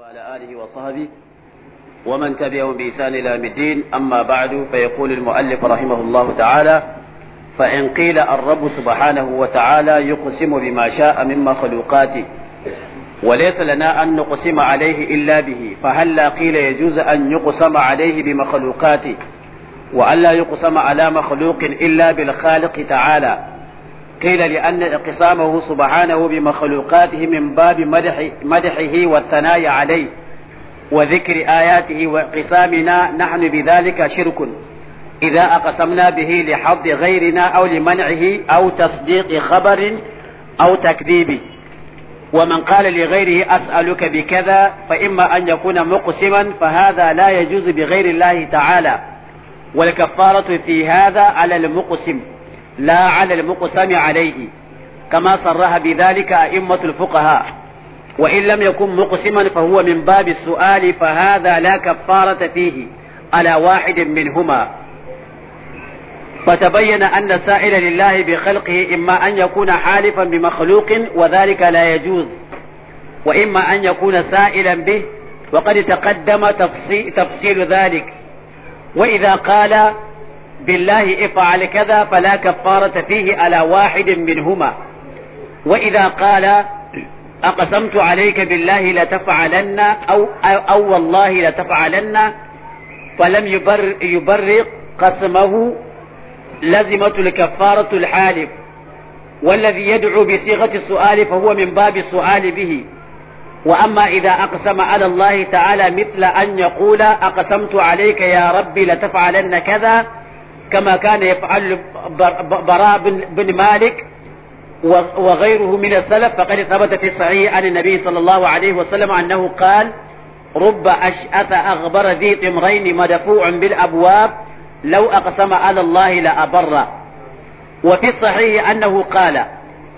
وعلى آله وصحبه ومن تبعهم بإسان إلى الدين أما بعد فيقول المؤلف رحمه الله تعالى فإن قيل الرب سبحانه وتعالى يقسم بما شاء من مخلوقاته وليس لنا أن نقسم عليه إلا به فهل لا قيل يجوز أن يقسم عليه بمخلوقاته وأن لا يقسم على مخلوق إلا بالخالق تعالى قيل لأن اعتصامه سبحانه بمخلوقاته من باب مدح مدحه والثناء عليه وذكر آياته واعتصامنا نحن بذلك شرك إذا أقسمنا به لحظ غيرنا أو لمنعه أو تصديق خبر أو تكذيب ومن قال لغيره أسألك بكذا فإما أن يكون مقسما فهذا لا يجوز بغير الله تعالى والكفارة في هذا على المقسم لا على المقسم عليه كما صرح بذلك أئمة الفقهاء وإن لم يكن مقسما فهو من باب السؤال فهذا لا كفارة فيه على واحد منهما فتبين أن السائل لله بخلقه إما أن يكون حالفا بمخلوق وذلك لا يجوز وإما أن يكون سائلا به وقد تقدم تفصيل ذلك وإذا قال بالله افعل كذا فلا كفارة فيه على واحد منهما وإذا قال أقسمت عليك بالله لتفعلن أو, أو والله لتفعلن فلم يبر يبرق قسمه لزمة الكفارة الحالف والذي يدعو بصيغة السؤال فهو من باب السؤال به وأما إذا أقسم على الله تعالى مثل أن يقول أقسمت عليك يا ربي لتفعلن كذا كما كان يفعل براء بن مالك وغيره من السلف فقد ثبت في الصحيح عن النبي صلى الله عليه وسلم أنه قال رب أشأث أغبر ذي طمرين مدفوع بالأبواب لو أقسم على الله لأبر وفي الصحيح أنه قال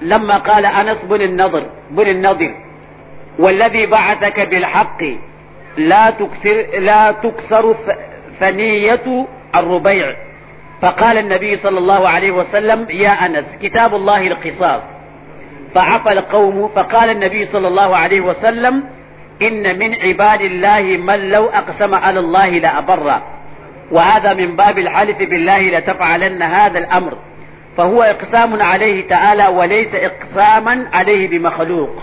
لما قال أنس بن النضر بن النضر والذي بعثك بالحق لا تكسر لا تكسر ثنية الربيع فقال النبي صلى الله عليه وسلم يا أنس كتاب الله القصاص فعفى القوم فقال النبي صلى الله عليه وسلم إن من عباد الله من لو أقسم على الله لأبر وهذا من باب الحلف بالله لتفعلن هذا الأمر فهو إقسام عليه تعالى وليس إقساما عليه بمخلوق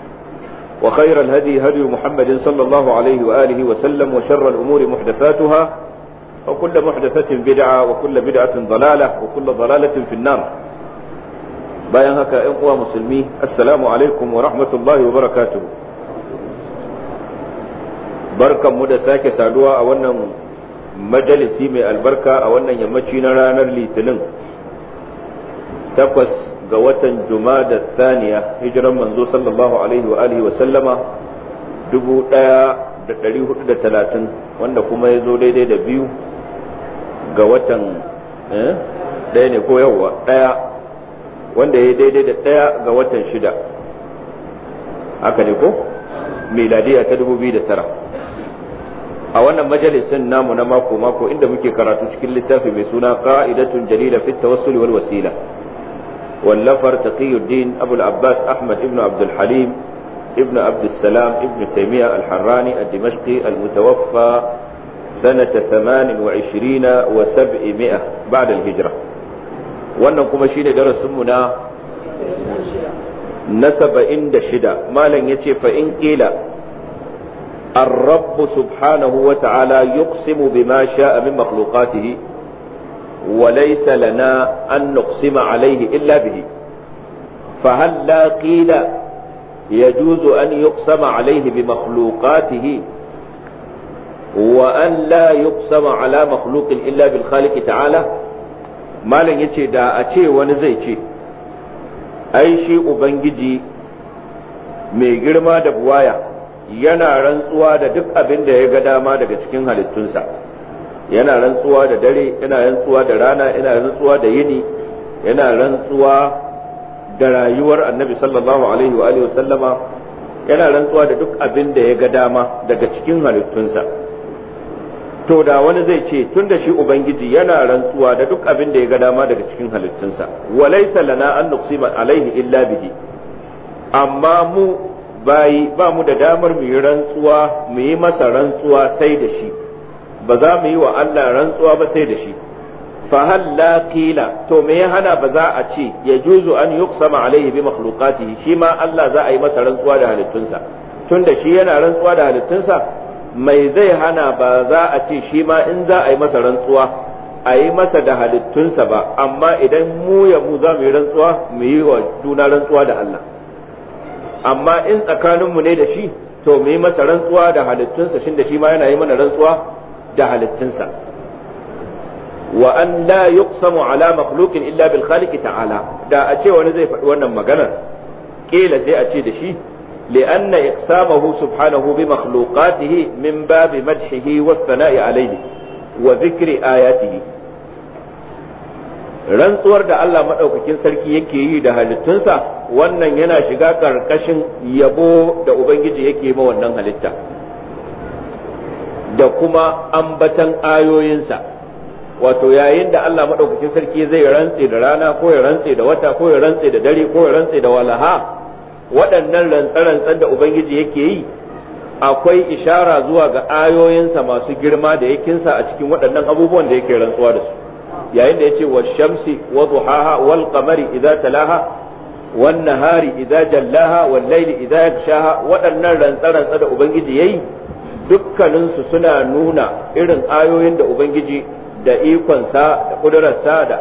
وخير الهدي هدي محمد صلى الله عليه وآله وسلم وشر الأمور محدثاتها وكل محدثة بدعة وكل بدعة ضلالة وكل ضلالة في النار bayan haka ‘yan uwa musulmi assalamu alaikum wa rahmatullahi wa barakatuhu barkanmu da sake saduwa a wannan majalisi mai albarka a wannan yammaci na ranar litinin takwas ga watan jumada thaniya hijiran manzo sallallahu alaihi wa alihi wa sallama 1430 wanda kuma ya zo daidai da biyu ga watan eh, ɗaya ne ko yawwa ɗaya wanda ya daidai da ɗaya ga watan shida haka ne ko miladiya ta 2009 a wannan majalisin namu na mako-mako inda muke karatu cikin littafi mai suna ka'idatun jarida fit tawassul wal wasila واللفر تقي الدين أبو العباس أحمد ابن عبد الحليم ابن عبد السلام ابن تيمية الحراني الدمشقي المتوفى سنة ثمان وعشرين وسبعمائة بعد الهجرة وأنكم kuma shine darasinmu نسب na ما da shida malam قيل الرب سبحانه وتعالى يقسم بما شاء من مخلوقاته وليس لنا أن نقسم عليه إلا به فهل لا قيل يجوز أن يقسم عليه بمخلوقاته وأن لا يقسم على مخلوق إلا بالخالق تعالى ما لن يتي دا أتي ونزيتي أي شيء أبنجي mai girma da buwaya yana rantsuwa da duk abin da ya ga dama daga cikin halittunsa yana rantsuwa da dare yana rantsuwa da rana yana rantsuwa da yini yana rantsuwa da rayuwar annabi sallallahu alaihi wa alihi wasallama yana rantsuwa da duk abin da ya ga dama daga cikin halittunsa to da wani zai ce tun da shi ubangiji yana rantsuwa da duk abin da ya ga dama daga cikin halittunsa walaysa lana an nuqsima alaihi illa bihi amma mu bayi ba mu da damar mu yi rantsuwa mu yi masa rantsuwa sai da shi ba za mu yi wa Allah rantsuwa ba sai da shi fa hal la to me ya hana ba za a ce ya juzu an yuqsama alaihi bi makhluqatihi shi ma Allah za a yi masa rantsuwa da halittunsa tunda shi yana rantsuwa da halittunsa mai zai hana ba za a ce shi ma in za a yi masa rantsuwa a yi masa da halittunsa ba amma idan mu ya mu za mu yi rantsuwa mu yi wa juna rantsuwa da Allah amma in tsakaninmu ne da shi to mu yi masa rantsuwa da halittunsa shin da shi ma yana yi mana rantsuwa da halittunsa wa an la yuqsamu ala makhluqin illa bil khaliqi ta'ala da a ce wani zai faɗi wannan maganar kila sai a ce da shi bi makhluqatihi min بمخلوقاته من wa thana'i alayhi wa dhikri ayatihi rantsuwar da Allah madaukakin sarki yake yi da halittunsa wannan yana shiga ƙarƙashin yabo da Ubangiji yake ma wannan halitta da kuma ambatan ayoyinsa wato yayin da Allah madaukakin sarki zai rantse da rana ko ya rantse da wata ko ya rantse da dare ko ya rantse da walaha waɗannan rantsarantsar da ubangiji yake yi akwai ishara zuwa ga ayoyinsa masu girma da yakinsa a cikin waɗannan abubuwan da yake rantsuwa da su yayin da yace wa shamsi wa duhaha wal qamari idza talaha wan nahari idza jallaha wal layli idza yaghshaha waɗannan rantsarantsar da ubangiji yayi dukkaninsu suna nuna irin ayoyin da ubangiji da ikonsa da kudurarsa da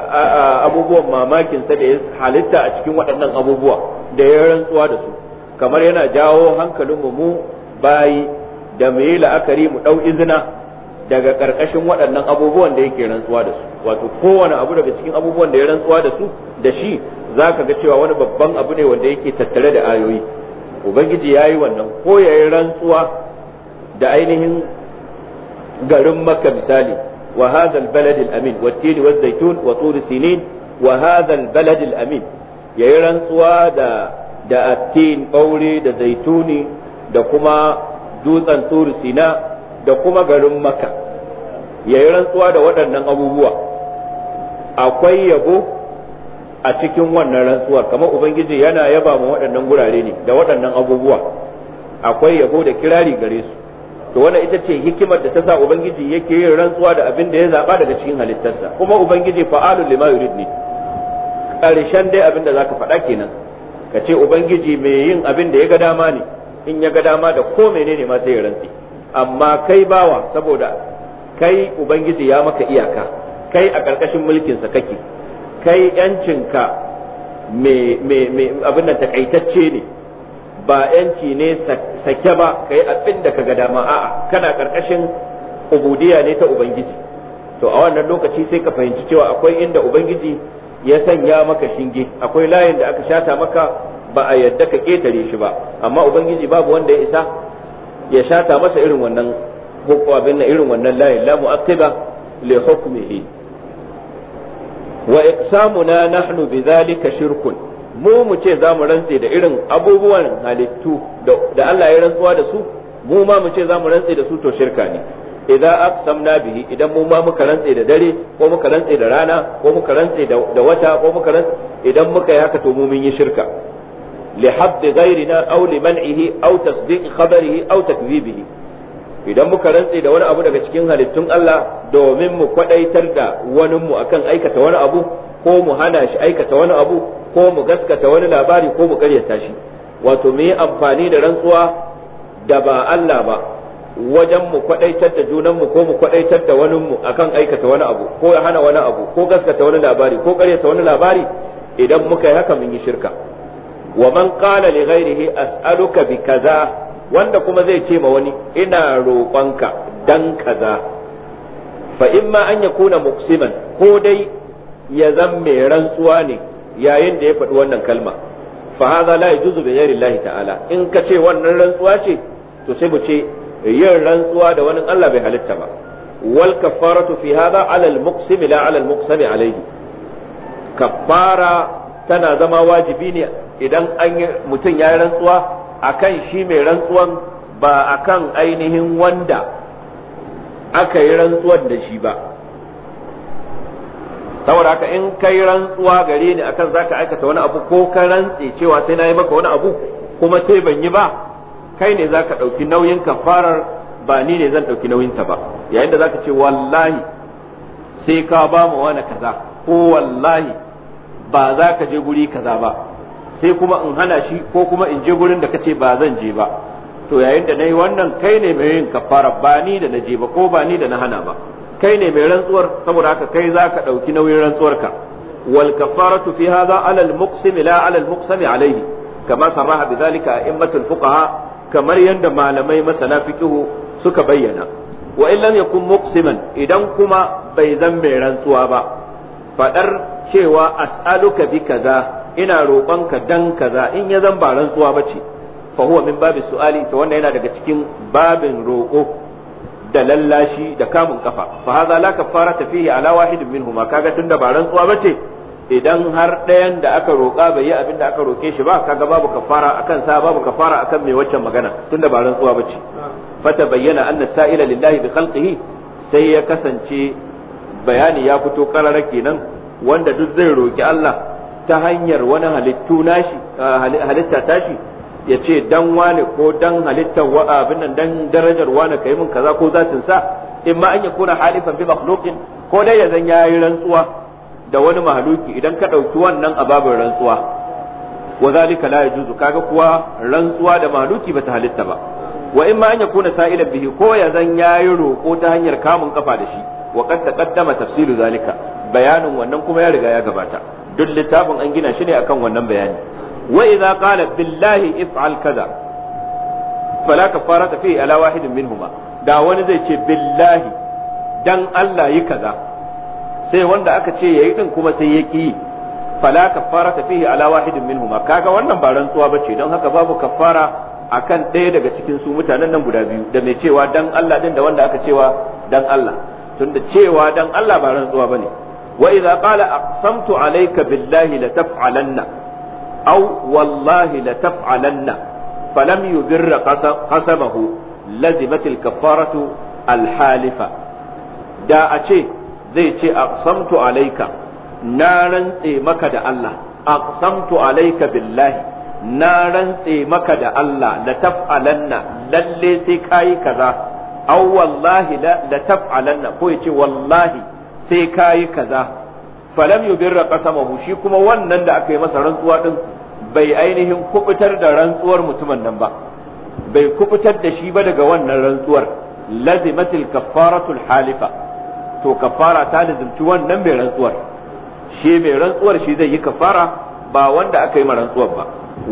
abubuwan mamakinsa da ya halitta a cikin waɗannan abubuwa da ya rantsuwa da su kamar yana jawo hankalinmu mu bayi da mu yi la'akari mu ɗau izina daga ƙarƙashin waɗannan abubuwan da yake rantsuwa da su wato kowane abu daga cikin abubuwan da ya rantsuwa da su da shi za ka ga cewa wani babban abu ne wanda yake tattare da ayoyi ubangiji ya yi wannan ko ya yi rantsuwa da ainihin garin makka misali wa hadha balad al-amin wa tin wa zaitun wa tur sinin wa hadha balad al yayi rantsuwa da da attin baure da zaituni da kuma dutsen tur sina da kuma garin makka yayi rantsuwa da waɗannan abubuwa akwai yabo a cikin wannan rantsuwar kamar ubangiji yana yaba mu waɗannan gurare ne da waɗannan abubuwa akwai yabo da kirari gare su to wannan ita ce hikimar da ta sa ubangiji yake yin rantsuwa da abin da ya zaba daga cikin halittarsa kuma ubangiji fa'alu lima yurid ne karshen dai abin da zaka faɗa kenan ka ce ubangiji mai yin abin da ya ga dama ne in ya ga dama da ko menene ma sai ya rantsi amma kai bawa saboda kai ubangiji ya maka iyaka kai a ƙarƙashin sa kake kai yancinka me me abin da takaitacce ne ba yanci ne sake ba ka yi abin da ka ga dama a'a kana karkashin ubudiya ne ta ubangiji to a wannan lokaci sai ka fahimci cewa akwai inda ubangiji ya sanya maka shinge akwai layin da aka shata maka ba a yadda ka ketare shi ba amma ubangiji babu wanda ya isa ya shata masa irin wannan hukumabin na irin wannan layin la mu'aqqiba li hukmihi wa iqsamuna nahnu bidhalika shirkun mu mu ce za mu rantse da irin abubuwan halittu da Allah ya rantsuwa da su mu ma mu ce za mu rantse da su to shirka ne idan aqsamna bihi idan mu ma muka rantse da dare ko muka rantse da rana ko muka rantse da wata ko muka rantse idan muka yi haka to mu mun yi shirka li ghayrina aw li man'ihi aw tasdiq khabarihi aw takdhibihi idan muka rantse da wani abu daga cikin halittun Allah domin mu kwadaitar da wani mu akan aikata wani abu ko mu hana shi aikata wani abu ko mu gaskata wani labari ko mu karyata shi wato mu yi amfani da rantsuwa da ba Allah ba wajen mu kwadaitar da junanmu ko mu kwadaitar da wani mu akan aikata wani abu ko ya hana wani abu ko gaskata wani labari ko karyata wani labari idan muka yi haka mun yi shirka wa man qala li ghairihi as'aluka bi kaza wanda kuma zai ce ma wani ina roƙonka dan kaza fa imma an yakuna muqsiman ko dai ya zan mai rantsuwa ne yayin da ya faɗi wannan kalma fa hadha la yajuzu bi ghairi Allah ta'ala in ka ce wannan rantsuwa ce to sai mu ce yin rantsuwa da wani Allah bai halitta ba wal kaffaratu fi hadha ala al muqsim la ala al muqsami alayhi tana zama wajibi ne idan an mutum ya rantsuwa akan shi mai rantsuwan ba akan ainihin wanda aka yi rantsuwan da shi ba saboda haka in kai rantsuwa gare ni akan zaka aikata wani abu ko ka rantse cewa sai na yi maka wani abu kuma sai ban yi ba kai ne zaka ɗauki nauyin kafarar ba ni ne zan ɗauki nauyin ta ba yayin da zaka ce wallahi sai ka ba mu wani kaza ko wallahi ba za ka je guri kaza ba sai kuma in hana shi ko kuma in je gurin da ka ce ba zan je ba to yayin da na yi wannan kai ne mai yin kafara ba ni da na je ba ko ba ni da na hana ba kai ne mai rantsuwar saboda haka kai za ka ɗauki nauyin rantsuwarka wal kafaratu fi hadha ala al muqsim la ala al muqsami alayhi kama sarraha bidhalika a'immatul fuqaha kamar yadda malamai masana fiqhu suka bayyana wa in lam yakun muqsiman idan kuma bai zan bai rantsuwa ba faɗar cewa as'aluka bi kaza ina roƙonka dan kaza in ya zan ba rantsuwa bace fa huwa min babi su'ali ta wannan yana daga cikin babin roƙo da lallashi da kamun kafa fa haza la kafarata fihi ala wahidin minhuma kaga tunda ba rantsuwa bace idan har ɗayan da aka roƙa bai yi abin da aka roƙe shi ba kaga babu kafara akan sa babu kafara akan mai waccan magana tunda ba rantsuwa bace fata bayyana anna sa'ila lillahi bi khalqihi sai ya kasance bayani ya fito karara kenan wanda duk zai roki Allah ta hanyar wani halittu nashi halitta tashi ya ce dan wane ko dan halittar wa abin nan dan darajar wane kai mun kaza ko zatin sa in ma an yakuna halifan bi makhluqin ko dai ya zan yayi rantsuwa da wani mahaluki idan ka dauki wannan ababin rantsuwa wa zalika la yajuzu kaga kuwa rantsuwa da mahaluki bata halitta ba wa in ma an yakuna sa'ilan bihi ko ya zan yayi roko ta hanyar kamun kafa da shi wa qad taqaddama tafsilu zalika bayanin wannan kuma ya riga ya gabata duk littafin an gina shi ne akan wannan bayani wa idza qala billahi if'al kaza fala kafarata fi ala wahidin minhuma da wani zai ce billahi dan Allah yi kaza sai wanda aka ce ya yi din kuma sai ya ki fala kafarata fihi ala wahidin minhuma kaga wannan ba rantsuwa ba ce. don haka babu kafara akan ɗaya daga cikin su mutanen nan guda biyu da mai cewa dan Allah din da wanda aka cewa dan Allah tunda cewa dan Allah ba rantsuwa bane wa idza qala aqsamtu alayka billahi la taf'alanna Au wallahi la taf'alanna falam yudirra qasamahu lazimat al-kaffaratu al da ace zai ce aqsamtu alayka na rantse maka da Allah aqsamtu alayka billahi na rantse maka da Allah la taf'alanna lalle sai kai kaza aw wallahi la taf'alanna ko yace wallahi sai kai kaza falam yubirra qasamahu shi kuma wannan da aka yi masa rantsuwa din bai ainihin kubutar da rantsuwar mutumin nan ba bai kubutar da shi ba daga wannan rantsuwar lazimatil kafaratul halifa to kafara ta lazimci wannan mai rantsuwar shi mai rantsuwar shi zai yi kafara ba wanda aka yi rantsuwar ba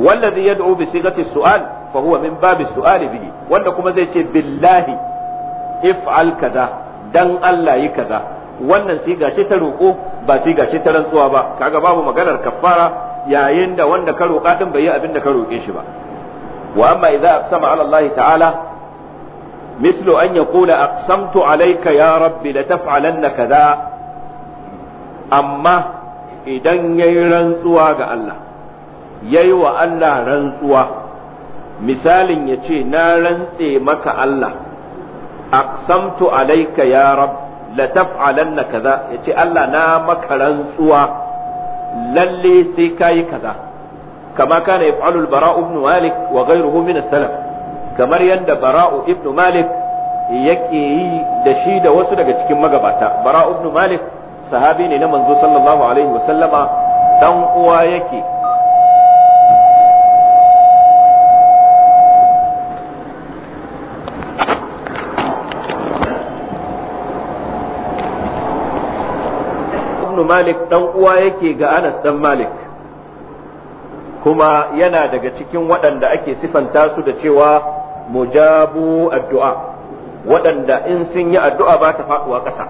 wallazi yad'u bi sigati su'al fa huwa min babi su'ali bihi wanda kuma zai ce billahi if'al kaza dan Allah yi kaza wannan siga ce ta roƙo ba siga ce ta rantsuwa ba kaga babu maganar kafara yayin da wanda ka roƙa din bai yi abin da ka roƙe shi ba wa amma idza aqsama ala Allah ta'ala mislu an yaqula aqsamtu alayka ya rabbi la taf'alanna kaza amma idan yayi rantsuwa ga Allah yayi wa Allah rantsuwa misalin ya ce na rantse maka Allah aqsamtu alayka ya rabbi la taf'alanna kaza yace Allah na maka rantsuwa lalle sai kayi kaza kama kana yaf'alul bara'u ibn malik wa ghayruhu min as-salaf kamar yadda bara'u ibn malik yake yi da shi da wasu daga cikin magabata bara'u ibn malik sahabi ne na manzo sallallahu alaihi wa sallama dan uwa yake ibnu malik dan uwa yake ga anas dan malik kuma yana daga cikin waɗanda ake sifanta su da cewa mujabu addu'a waɗanda in sun yi addu'a ba ta faɗuwa ƙasa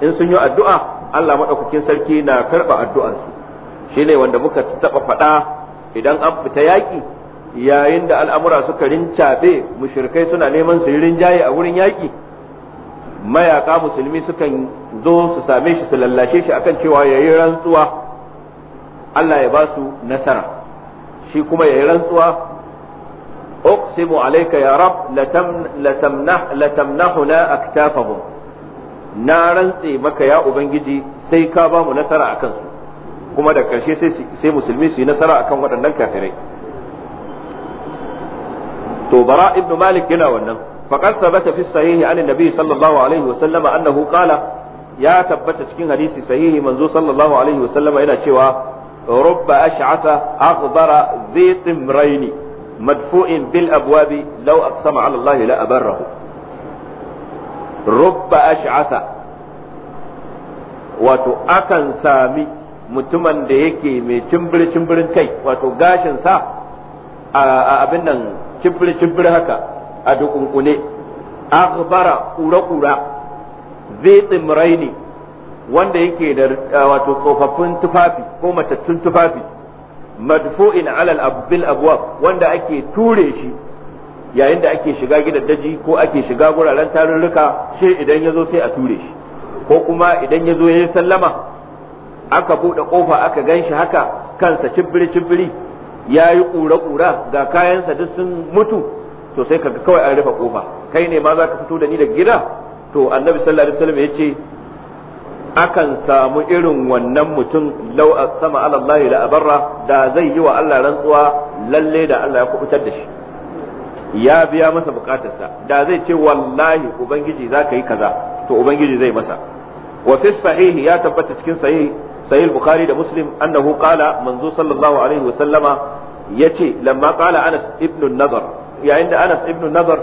in sun yi addu'a Allah maɗaukakin sarki na karɓa su shine wanda muka taɓa faɗa idan an fita yaƙi yayin da al'amura suka rincaɓe mushrikai suna neman su yi rinjaye a wurin yaƙi mayaka musulmi sukan zo su same shi su lallashe shi akan cewa ya yi rantsuwa Allah ya ba su nasara shi kuma ya yi rantsuwa uqsimu alayka ya rab latamnahuna aktafahum na rantse maka ya ubangiji sai ka ba mu nasara akan su kuma da karshe sai musulmi su yi nasara akan waɗannan kafirai to bara ibnu malik yana wannan faqad sabata fi sahihi an nabi sallallahu alaihi wa sallama ya tabbata cikin hadisi sahihi manzo sallallahu alaihi wa sallama yana cewa rubba ash'atha akhdara dhi timraini madfu'in bil abwabi law aqsama ala allah la abarahu wato akan sami mutumin da yake mai cimbiri cimbirin kai wato gashin sa abin nan cimbiri cimbiri haka a dukunkune akhbara kura-kura zai tsimrai ne wanda yake da wato tsofaffin tufafi ko matattun tufafi madfu'in alal abbil abwab wanda ake ture shi yayin da ake shiga gidan daji ko ake shiga guraren tarurruka shi idan ya zo sai a ture shi ko kuma idan ya zo ya yi sallama aka buɗe ƙofa aka ganshi haka kansa cibiri-cibiri ya yi ƙura-ƙura ga kayansa duk sun mutu to sai kaga kawai an rufe kofa kai ne ma za ka fito da ni da gida to annabi sallallahu alaihi wasallam ya ce akan samu irin wannan mutum lau sama alallahi da abarra da zai yi wa Allah rantsuwa lalle da Allah ya kubutar da shi ya biya masa bukatarsa da zai ce wallahi ubangiji za ka yi kaza to ubangiji zai masa wa fi sahihi ya tabbata cikin sahih sahih bukhari da muslim annahu qala manzo sallallahu alaihi wa sallama yace lamma qala anas ibn nazar. yayin da Anas ibn Nadar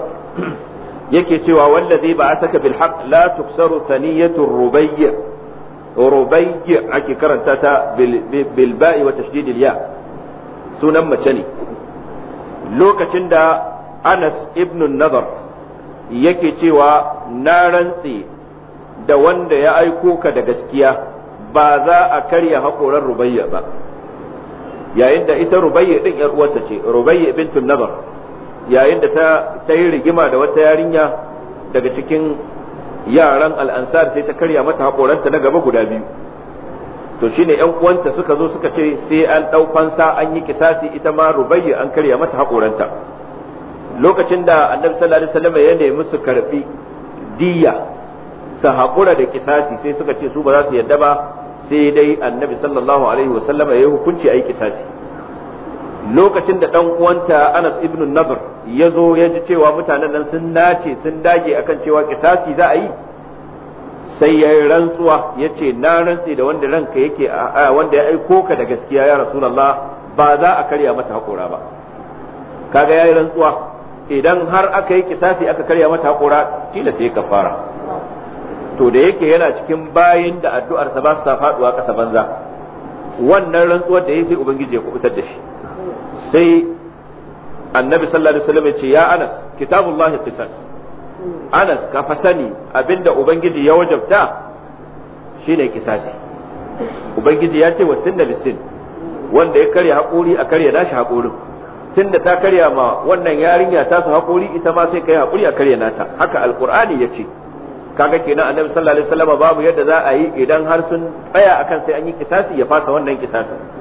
yake cewa wallazi ba'athaka bil haqq la tuksaru saniyatu rubayy rubayy ake karanta ta bil ba'i wa tashdid al ya sunan mace ne lokacin da Anas ibn Nadar yake cewa na rantse da wanda ya aiko ka da gaskiya ba za a karya haƙoran rubayya ba yayin da ita rubayya din uwarsa ce rubayya bintun nabar yayin da ta yi rigima da wata yarinya daga cikin yaran al'ansar sai ta karya mata haƙoranta na gaba guda biyu to shine yan uwanta suka zo suka ce sai an ɗau fansa an yi kisasi ita ma rubayya an karya mata haƙoranta lokacin da annabi sallallahu alaihi wasallam ya nemi su karbi diya su haƙura da kisasi sai suka ce su ba za su yadda ba sai dai annabi sallallahu alaihi wasallam ya yi hukunci a yi kisasi lokacin da dan uwanta Anas ibn Nadr ya zo ya ji cewa mutanen nan sun nace sun dage akan cewa kisasi za a yi sai ya yi rantsuwa ya ce na rantse da wanda ranka yake wanda ya aiko ka da gaskiya ya rasulullah ba za a karya mata hakora ba kaga ya yi rantsuwa idan har aka yi kisasi aka karya mata hakora tilas sai ka fara to da yake yana cikin bayin da addu'arsa ba su ta faduwa kasa banza wannan rantsuwar da yayi sai ubangiji ya kubutar da shi sai annabi sallallahu alaihi wasallam ya ce ya anas kitabullahi qisas anas ka fa sani abinda ubangiji ya wajabta shine kisasi ubangiji ya ce wasin da bisin wanda ya karya haƙuri a karya nashi haƙurin tunda ta karya ma wannan yarinya ta su haƙuri ita ma sai kai haƙuri a karya nata haka alqur'ani ya ce kaga kenan annabi sallallahu alaihi wasallam babu yadda za a yi idan har sun tsaya akan sai an yi kisasi ya fasa wannan kisasin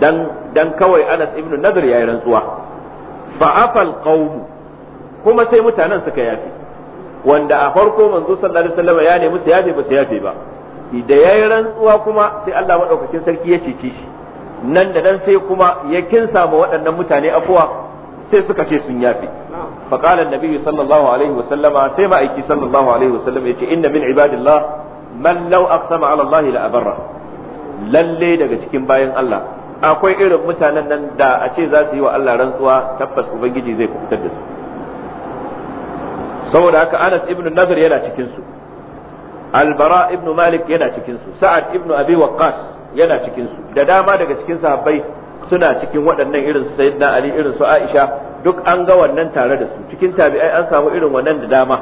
dan kawai Anas ibn Nadir yi rantsuwa fa'afal afal kuma sai mutanen suka yafi wanda a farko manzo sallallahu alaihi wasallam ya nemi su yafe ba su yafe ba da yayi rantsuwa kuma sai Allah madaukakin sarki ya cece shi nan da nan sai kuma ya kinsa ma waɗannan mutane afuwa sai suka ce sun yafe fa qala annabi sallallahu alaihi wasallama sai ma'aiki sallallahu alaihi wasallam yace inna min ibadillah man law aqsama ala Allah la abarra lalle daga cikin bayan Allah akwai irin mutanen nan da a ce za su yi wa Allah rantsuwa tabbas ubangiji zai kubutar da su saboda haka Anas ibn Nadr yana cikin su Albara ibn Malik yana cikin su Sa'ad ibn Abi Waqqas yana cikin su da dama daga cikin sahabbai suna cikin waɗannan irin su Sayyidina Ali irin su Aisha duk an ga wannan tare da su cikin tabi'ai an samu irin wannan da dama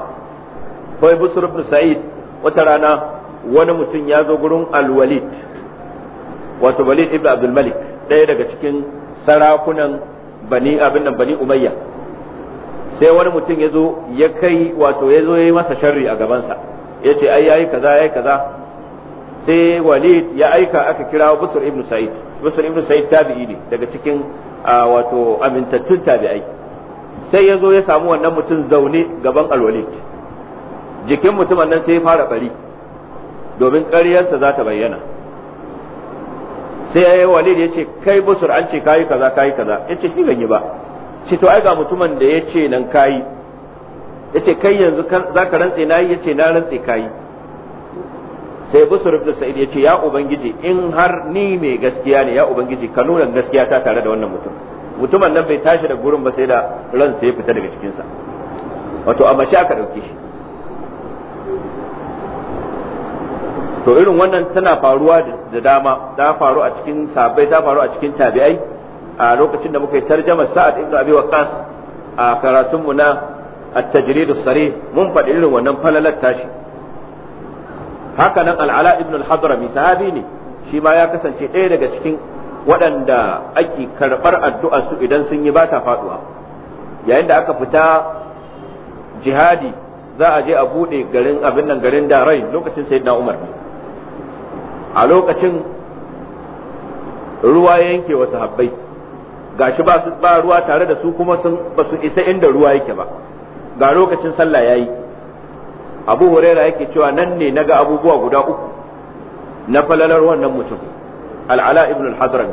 kawai Busr ibn Sa'id wata rana wani mutum ya zo gurin Al-Walid wato Walid ibn Abdul Malik ɗaya daga cikin sarakunan bani abin nan bani umayya sai wani mutum ya zo ya kai wato ya zo ya yi masa sharri a gabansa ya ce ai yayi kaza yayi kaza sai walid ya aika aka kira busur ibnu sa'id busur ibnu sa'id tabi'i ne daga cikin wato amintattun tabi'ai sai ya zo ya samu wannan mutum zaune gaban alwalid jikin mutumin nan sai ya fara bari domin ƙaryarsa za ta bayyana sai yi walid ya ce kai busur an ce kayi kaza kayi kaza ya ce shi ganye yi ba ce to ai ga mutumin da ya ce nan kayi ya ce kai yanzu za ka rantse na yi ya ce na rantse kayi sai busur ibn sa'id ya ce ya ubangiji in har ni mai gaskiya ne ya ubangiji ka nuna gaskiya ta tare da wannan mutum mutumin nan bai tashi da gurin ba sai da ransa ya fita daga cikinsa wato a mace aka ɗauke shi to irin wannan tana faruwa da dama ta faru a cikin sabai ta faru a cikin tabi'ai a lokacin da muka yi tarjama sa'ad ibn abi waqas a mu na at-tajrid as-sarih mun faɗi irin wannan falalar tashi haka nan al-ala ibn al-hadrami sahabi ne shi ma ya kasance ɗaya daga cikin waɗanda ake karɓar addu'a su idan sun yi ba ta faɗuwa yayin da aka fita jihadi za a je a buɗe garin abin nan garin da rai lokacin sayyidina umar ne a lokacin ruwa yanke wasu habbai gashi ba su ba ruwa tare da su kuma sun ba su isa inda ruwa yake ba ga lokacin sallah yayi abu huraira yake cewa nan ne naga abubuwa guda uku na falalar wannan mutum al'ala ibn al hadran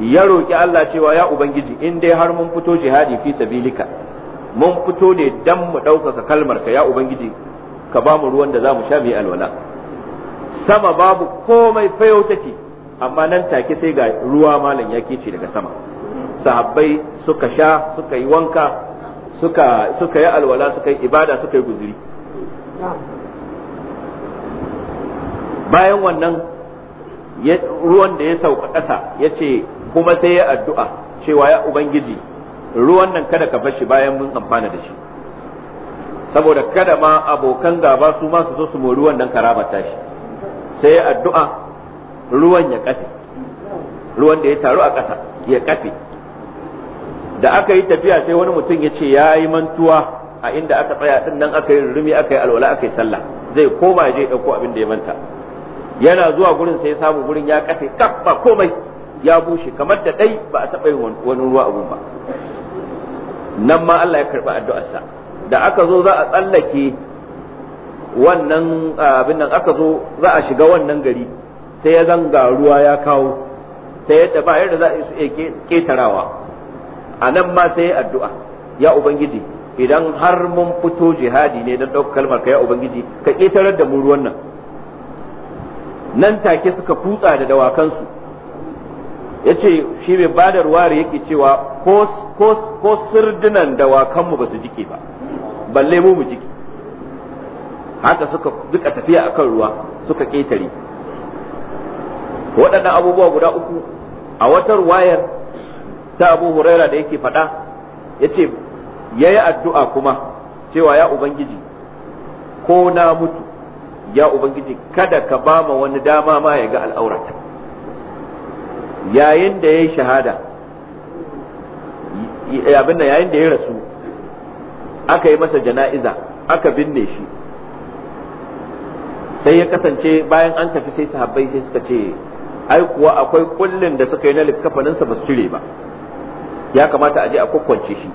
ya roki Allah cewa ya ubangiji in dai har mun fito jihadi fi sabilika mun fito ne dan mu ɗaukaka kalmar ka ya ubangiji ka ba mu ruwan da za mu sha mu alwala sama babu komai fayau amma nan take sai ga ruwa malam ya kece daga sama sahabbai suka sha suka yi wanka suka yi alwala suka yi ibada suka yi guzuri bayan wannan ruwan da ya sauka ƙasa ya ce kuma sai ya addu'a cewa ya ubangiji ruwan nan kada ka bar shi bayan mun amfana da shi saboda kada ma abokan gaba su ma su zo su mori wannan karaba tashi sai ya addu'a ruwan ya kafe ruwan da ya taru a ƙasa ya kafe da aka yi tafiya sai wani mutum ya ce ya yi mantuwa a inda aka tsaya din nan aka yi rurumi aka yi alwala aka yi sallah zai koma ya je ɗauko abin da ya manta yana zuwa gurin sai ya samu gurin ya kafe kaf ba komai ya bushe kamar da ɗai ba a taɓa yin wani ruwa abun ba nan ma Allah ya karɓi addu'arsa da aka zo za a tsallake wannan abin nan aka zo za a shiga wannan gari sai ya zanga ruwa ya kawo sai ya tafi yadda za a iya ketarawa a nan ma sai ya addu'a ya ubangiji idan har mun fito jihadi ne don ɗaukar kalmar ka ya ubangiji ka ketarar da mu ruwan nan nan take suka kutsa da dawakansu ya ce shi mai bada ruwari yake cewa ko sirdunan dawakanmu ba su jike ba balle mu mu jike haka suka duka tafiya akan ruwa suka ketare waɗannan abubuwa guda uku a wata ruwayar ta abu huraira da yake faɗa ya ce ya yi addu'a kuma cewa ya ubangiji ko na mutu ya ubangiji kada ka ba ma wani dama ma ya ga al'aurata yayin da ya yi shahada yabin da yayin da ya rasu aka yi masa jana'iza aka binne shi sai ya kasance bayan an tafi sai sahabbai sai suka ce ai kuwa akwai kullin da suka yi na likafaninsa ba su cire ba ya kamata a je a kwakwance shi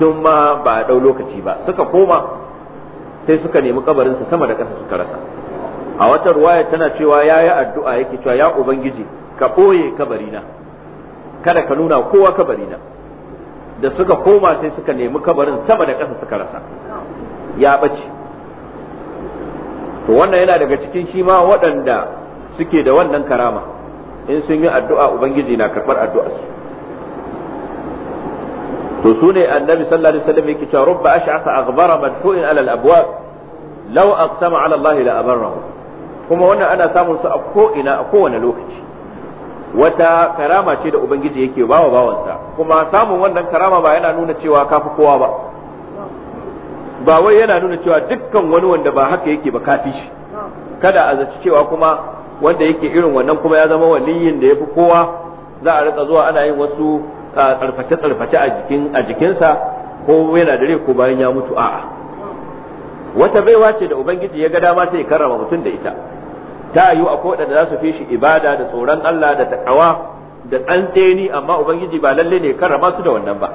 tun ma ba a ɗau lokaci ba suka koma sai suka nemi kabarinsa sama da ƙasa suka rasa a wata ruwaya tana cewa ya yi addu'a yake cewa ya ubangiji ka ɓoye kabarina kada ka nuna kowa kabarina da suka koma sai suka nemi kabarin sama da ƙasa suka rasa ya ɓace to wannan yana daga cikin shi ma waɗanda suke da wannan karama in sun yi addu'a ubangiji na karɓar addu'arsu to su ne annabi sallallahu alaihi wasallam yake cewa rubba ash'asa aghbara madfu'in ala al-abwab law aqsama ala Allah la abarrahu kuma wannan ana samun su a ko ina a kowane lokaci wata karama ce da ubangiji yake bawa bawansa kuma samun wannan karama ba yana nuna cewa kafi kowa ba ba wai yana nuna cewa dukkan wani wanda ba haka yake ba kafi shi kada a zaci cewa kuma wanda yake irin wannan kuma ya zama waliyin da yafi kowa za a rika zuwa ana yin wasu tsarface tsarface a jikin a jikinsa ko yana da rai ko bayan ya mutu a'a wata baiwa ce da ubangiji ya ga dama sai ya karrama mutum da ita ta a akwai da za su fi shi ibada da tsoron Allah da takawa da tsantseni amma ubangiji ba lalle ne karrama su da wannan ba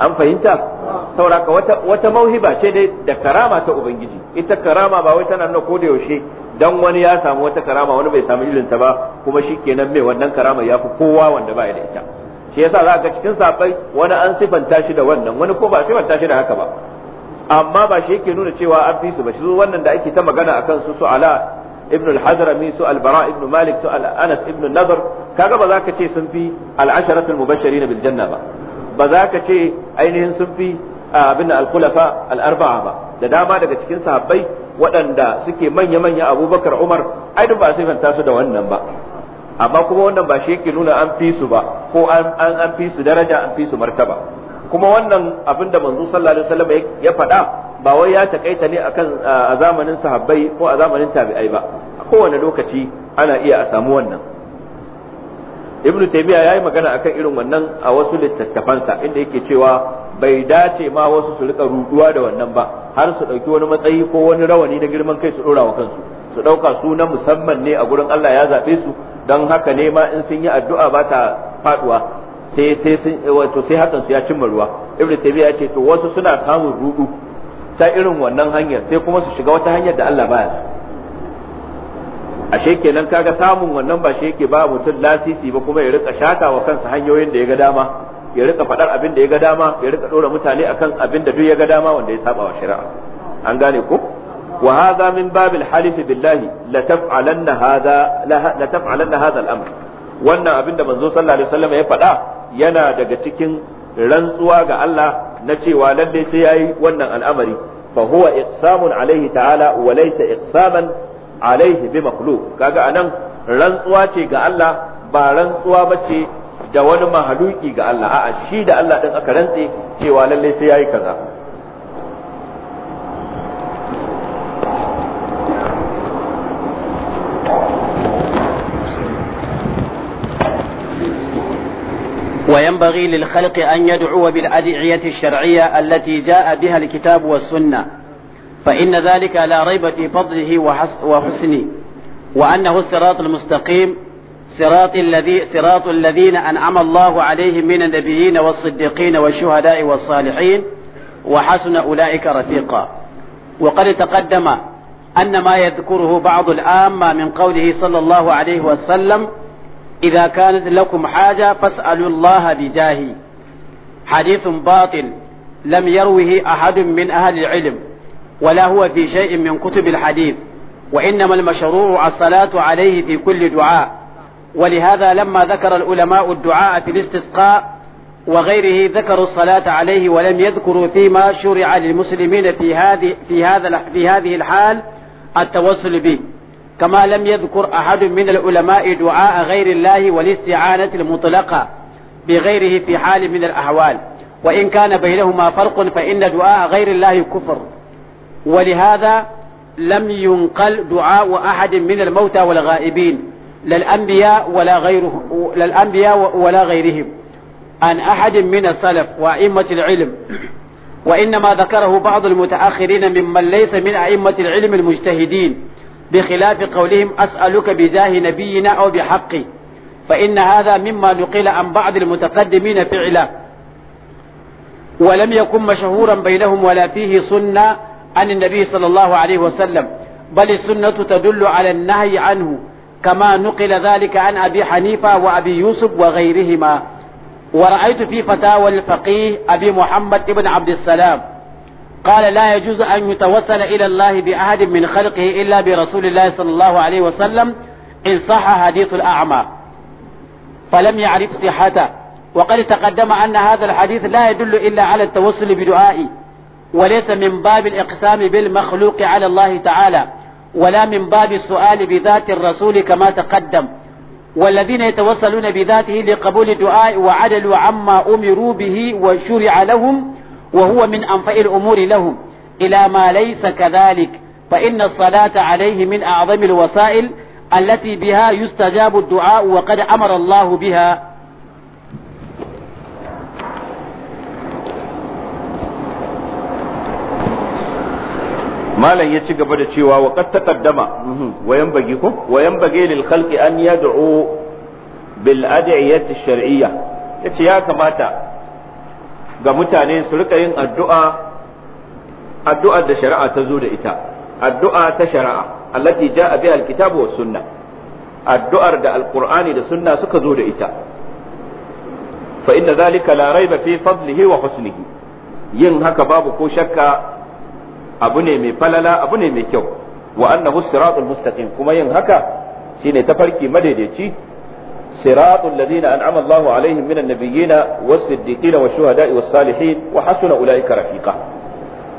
an fahimta sauraka wata wata mauhiba ce dai da karama ta ubangiji ita karama ba wai tana nuna ko da yaushe dan wani ya samu wata karama wani bai samu ilinta ba kuma shikenan mai wannan karama ya fi kowa wanda ba da ita shi yasa za ka cikin sabai wani an sifanta shi da wannan wani ko ba sifanta shi da haka ba amma ba shi yake nuna cewa an fi su ba shi wannan da ake ta magana akan su su ala ibn al-hadrami su al-bara ibn malik su al-anas ibn nadar kaga ba za ka ce sun fi al-asharatul mubashirin bil janna ba ba za ka ce ainihin sun fi abin da alkulafa al'arba'a ba da dama daga cikin sahabbai waɗanda suke manya-manya abubakar umar ai ba ba sai fanta su da wannan ba amma kuma wannan ba shi yake nuna an fi su ba ko an fi su daraja an fi su martaba kuma wannan abin da manzo sallallahu alaihi wasallam ya faɗa ba wai ya takaita ne akan a zamanin sahabbai ko a zamanin tabi'ai ba a kowane lokaci ana iya a samu wannan ibnu ya yi magana akan irin wannan a wasu littattafansa inda yake cewa bai dace ma wasu su rika ruduwa da wannan ba har su ɗauki wani matsayi ko wani rawani na girman kai su dora wa kansu su ɗauka su na musamman ne a gurin Allah ya zaɓe su don haka ne ma in sun yi addu'a ba ta faduwa sai hakan su ya cimma ruwa ibnu taymiya ya ce to wasu suna samun rudu ta irin wannan hanyar sai kuma su shiga wata hanyar da Allah baya su ashe kenan kaga samun wannan ba shi yake ba mutum lasisi ba kuma ya rika shata wa kansa hanyoyin da ya ga dama ya rika faɗar abin da ya ga dama ya rika ɗora mutane akan abin da duk ya ga dama wanda ya saba wa shari'a an gane ku. wa hadha min billahi la taf'alanna hadha la taf'alanna wannan abin da manzo sallallahu alaihi ya faɗa yana daga cikin rantsuwa ga Allah na cewa lallai sai yayi wannan al'amari fa huwa iqsamun alaihi ta'ala walaisa laysa alaihi bi makhluq kaga anan rantsuwa ce ga Allah ba rantsuwa bace da wani mahaluki ga Allah a'a shi da Allah din aka rantse cewa lalle sai yayi kaza وينبغي للخلق أن يدعو بالأدعية الشرعية التي جاء بها الكتاب والسنة فإن ذلك لا ريب في فضله وحسنه وأنه الصراط المستقيم صراط الذي صراط الذين أنعم الله عليهم من النبيين والصديقين والشهداء والصالحين وحسن أولئك رفيقا وقد تقدم أن ما يذكره بعض الآمة من قوله صلى الله عليه وسلم إذا كانت لكم حاجة فاسألوا الله بجاهي حديث باطل لم يروه أحد من أهل العلم ولا هو في شيء من كتب الحديث وإنما المشروع الصلاة عليه في كل دعاء ولهذا لما ذكر العلماء الدعاء في الاستسقاء وغيره ذكروا الصلاة عليه ولم يذكروا فيما شرع للمسلمين في هذه في هذا في هذه الحال التوسل به كما لم يذكر أحد من العلماء دعاء غير الله والاستعانة المطلقة بغيره في حال من الأحوال وإن كان بينهما فرق فإن دعاء غير الله كفر ولهذا لم ينقل دعاء أحد من الموتى والغائبين للأنبياء ولا غيرهم للأنبياء ولا غيرهم عن أحد من السلف وأئمة العلم وإنما ذكره بعض المتأخرين ممن ليس من أئمة العلم المجتهدين بخلاف قولهم أسألك بجاه نبينا أو بحقي فإن هذا مما نقل عن بعض المتقدمين فعلا ولم يكن مشهورا بينهم ولا فيه سنة عن النبي صلى الله عليه وسلم بل السنة تدل على النهي عنه كما نقل ذلك عن أبي حنيفة وأبي يوسف وغيرهما ورأيت في فتاوى الفقيه أبي محمد ابن عبد السلام قال لا يجوز أن يتوسل إلى الله بأحد من خلقه إلا برسول الله صلى الله عليه وسلم إن صح حديث الأعمى فلم يعرف صحته وقد تقدم أن هذا الحديث لا يدل إلا على التوسل بدعائه وليس من باب الإقسام بالمخلوق على الله تعالى ولا من باب السؤال بذات الرسول كما تقدم والذين يتوصلون بذاته لقبول الدعاء وعدلوا عما أمروا به وشرع لهم وهو من أنفع الأمور لهم إلى ما ليس كذلك فإن الصلاة عليه من أعظم الوسائل التي بها يستجاب الدعاء وقد أمر الله بها malam ya ci gaba da cewa wa qad taqaddama wa yanbaghi ko wa yanbaghi lil khalqi an yad'u bil ad'iyati shar'iyya yace ya kamata ga mutane su rika yin addu'a addu'a da shari'a ta zo da ita addu'a ta shari'a allati ja'a biha alkitabu was sunna addu'ar da alqur'ani da sunna suka zo da ita fa inna dhalika la raiba fi fadlihi wa husnihi yin haka babu ko shakka abu ne mai falala abu ne mai kyau wa annahu siratul mustaqim kuma yin haka shine tafarki madaidaici siratul ladina an'ama Allahu alaihim minan nabiyyina was-siddiqina wash-shuhada'i was-salihin wa hasuna ulaika rafiqa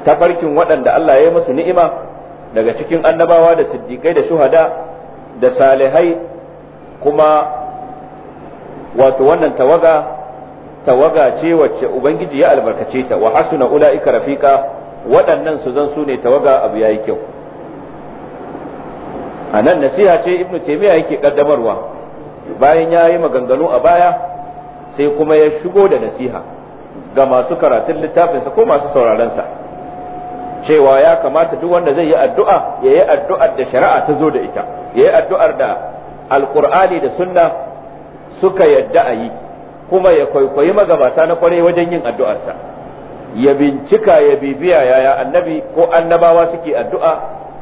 tafarkin waɗanda Allah ya yi musu ni'ima daga cikin annabawa da siddiqai da shuhada da salihai kuma wato wannan tawaga tawaga ce wacce ubangiji ya albarkace ta wa hasuna ulaika rafiqa waɗannan su zan su ne tawaga abu yayi kyau a nan nasiha ce ibnu taymiya yake kaddamarwa bayan ya yi maganganu a baya sai kuma ya shigo da nasiha ga masu karatun littafinsa ko masu saurarensa cewa ya kamata duk wanda zai yi addu'a ya yi addu'ar da shari'a ta zo da ita ya yi addu'ar da alƙur'ani da sunna suka yadda a yi kuma ya kwaikwayi magabata na kwarai wajen yin addu'arsa ya bincika ya bibiya yaya annabi ko annabawa suke addu'a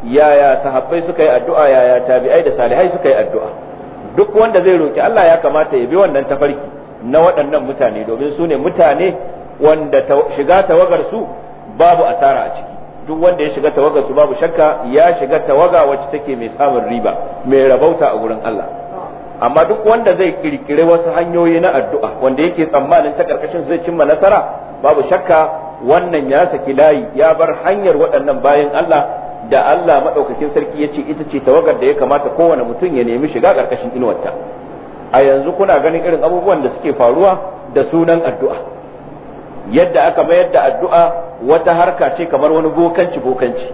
yaya sahabbai suka yi addu'a yaya tabi'ai da salihai suka yi addu'a duk wanda zai roki Allah ya kamata ya bi wannan tafarki na waɗannan mutane domin su ne mutane wanda shiga tawagar su babu asara a ciki duk wanda ya shiga tawagar su babu shakka ya shiga tawaga wacce take mai samun riba mai rabauta a gurin Allah amma duk wanda zai kirkiri wasu hanyoyi na addu'a wanda yake tsammanin ta karkashin zai cimma nasara babu shakka wannan ya saki layi ya bar hanyar waɗannan bayan Allah da Allah madaukakin sarki ya ce ita ce tawagar da ya kamata kowane mutum ya nemi shiga karkashin inuwarta a yanzu kuna ganin irin abubuwan da suke faruwa da sunan addu'a yadda aka mayar da addu'a wata harka ce kamar wani bokanci bokanci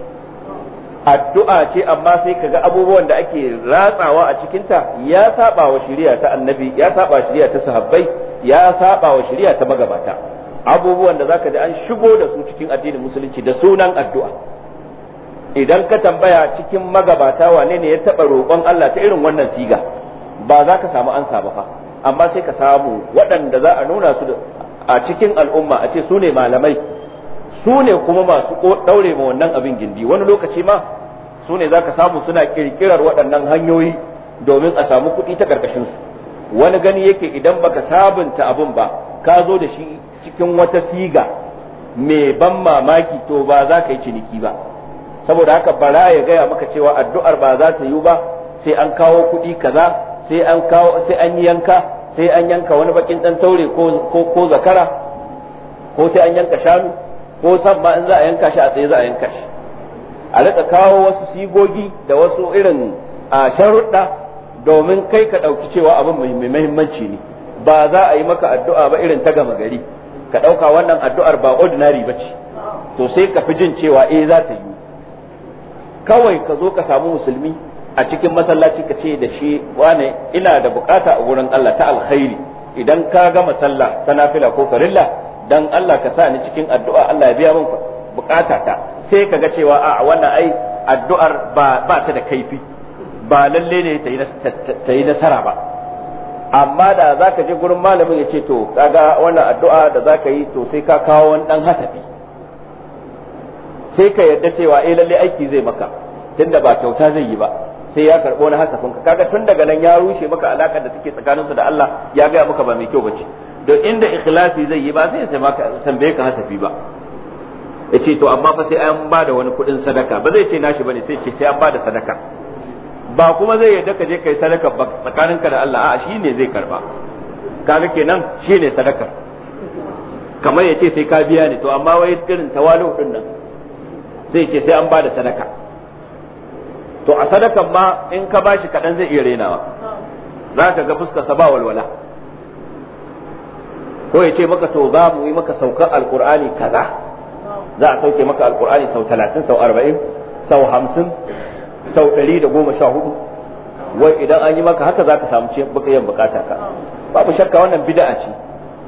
addu'a ce amma sai ka ga abubuwan da ake ratsawa a cikinta ya saba wa shari'a ta annabi ya saba shari'a ta sahabbai ya saba wa shari'a ta magabata abubuwan da zaka ji an shigo da su cikin addinin musulunci da sunan addu'a idan ka tambaya cikin magabata wane ne ya taba roƙon Allah ta irin wannan siga ba za ka samu an ba fa amma sai ka samu waɗanda za a nuna su a cikin al'umma a ce su ne malamai su ne kuma masu daure ma wannan abin gindi wani lokaci ma su ne za ka samu suna ƙirƙirar waɗannan hanyoyi domin a samu kuɗi ta karkashin su wani gani yake idan baka sabunta abin ba ka zo da shi cikin wata siga mai ban mamaki to ba za ka yi ciniki ba saboda haka bara ya gaya maka cewa addu'ar ba za ta yiwu ba sai an kawo kuɗi kaza sai an kawo sai an yanka sai an yanka wani bakin ɗan taure ko zakara ko sai an yanka shanu ko san ma in za a yanka shi a tsaye za a yanka shi a rika kawo wasu sigogi da wasu irin a sharuɗa domin kai ka ɗauki cewa abin mai muhimmanci ne ba za a yi maka addu'a ba irin ta gama gari ka ɗauka wannan addu'ar ba ordinary ba ce to sai ka fi jin cewa eh za ta yi kawai ka zo ka samu musulmi a cikin masallaci ka ce da shi wane ina da bukata a wurin Allah ta alkhairi idan ka gama sallah ta nafila ko farilla dan Allah ka sa ni cikin addu'a Allah ya biya min bukatata sai kaga cewa a wannan ai addu'ar ba ba ta da kaifi ba lalle ne ta yi nasara ba amma da za je gurin malamin ya ce to kaga wannan addu'a da za ka yi to sai ka kawo wani ɗan hasafi sai ka yarda cewa eh lalle aiki zai maka tunda ba kyauta zai yi ba sai ya karbo wani hasafin ka kaga tun daga nan ya rushe maka alakar da take tsakaninsu da Allah ya gaya maka ba mai kyau bace da inda ikhlasi zai yi ba zai tambaye ka hasafi ba ya ce to amma fa sai an ba da wani kuɗin sadaka ba zai ce nashi bane sai ce sai an ba da sadaka ba kuma zai yarda ka je kai sadaka ba tsakaninka da Allah a'a shi ne zai karba ga kenan shi ne sadakar kamar ya ce sai ka biya ne to amma wai irin tawalu din nan sai ce sai an ba da sadaka to a sadakan ma in ka bashi kaɗan zai iya renawa za ka ga fuskarsa ba walwala ko ya ce maka to za mu yi maka saukar alkur'ani kaza za a sauke maka alkur'ani sau talatin sau arba'in sau hamsin sau ɗari da goma sha hudu wai idan an yi maka haka za ka samu biyan bukata ka babu shakka wannan bid'a ce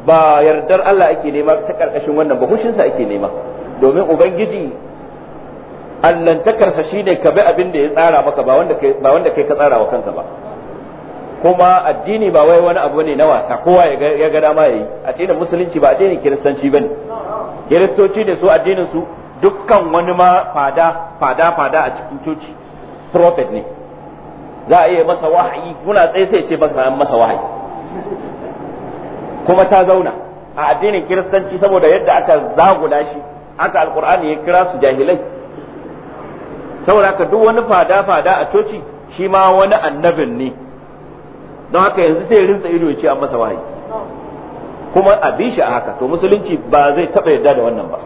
ba yardar Allah ake nema ta karkashin wannan ba hushinsa ake nema domin ubangiji allantakarsa shine ka bi abin da ya tsara maka ba wanda kai ba wanda kai ka tsara wa kanka ba kuma addini ba wai wani abu ne na wasa kowa ya ga dama yayi addinin musulunci ba addinin kiristanci bane kiristoci da su addinin su dukkan wani ma fada fada fada a cikin coci prophet ne za a iya masa wahayi muna tsaye sai ce masa an masa wahayi kuma ta zauna a addinin kiristanci saboda yadda aka zagula shi aka alkur'ani ya kira su jahilai saboda ka duk wani fada fada a coci shi ma wani annabin ne don haka yanzu sai rinsa ido ya ce an masa wahayi kuma a bi shi a haka to musulunci ba zai taɓa yarda da wannan ba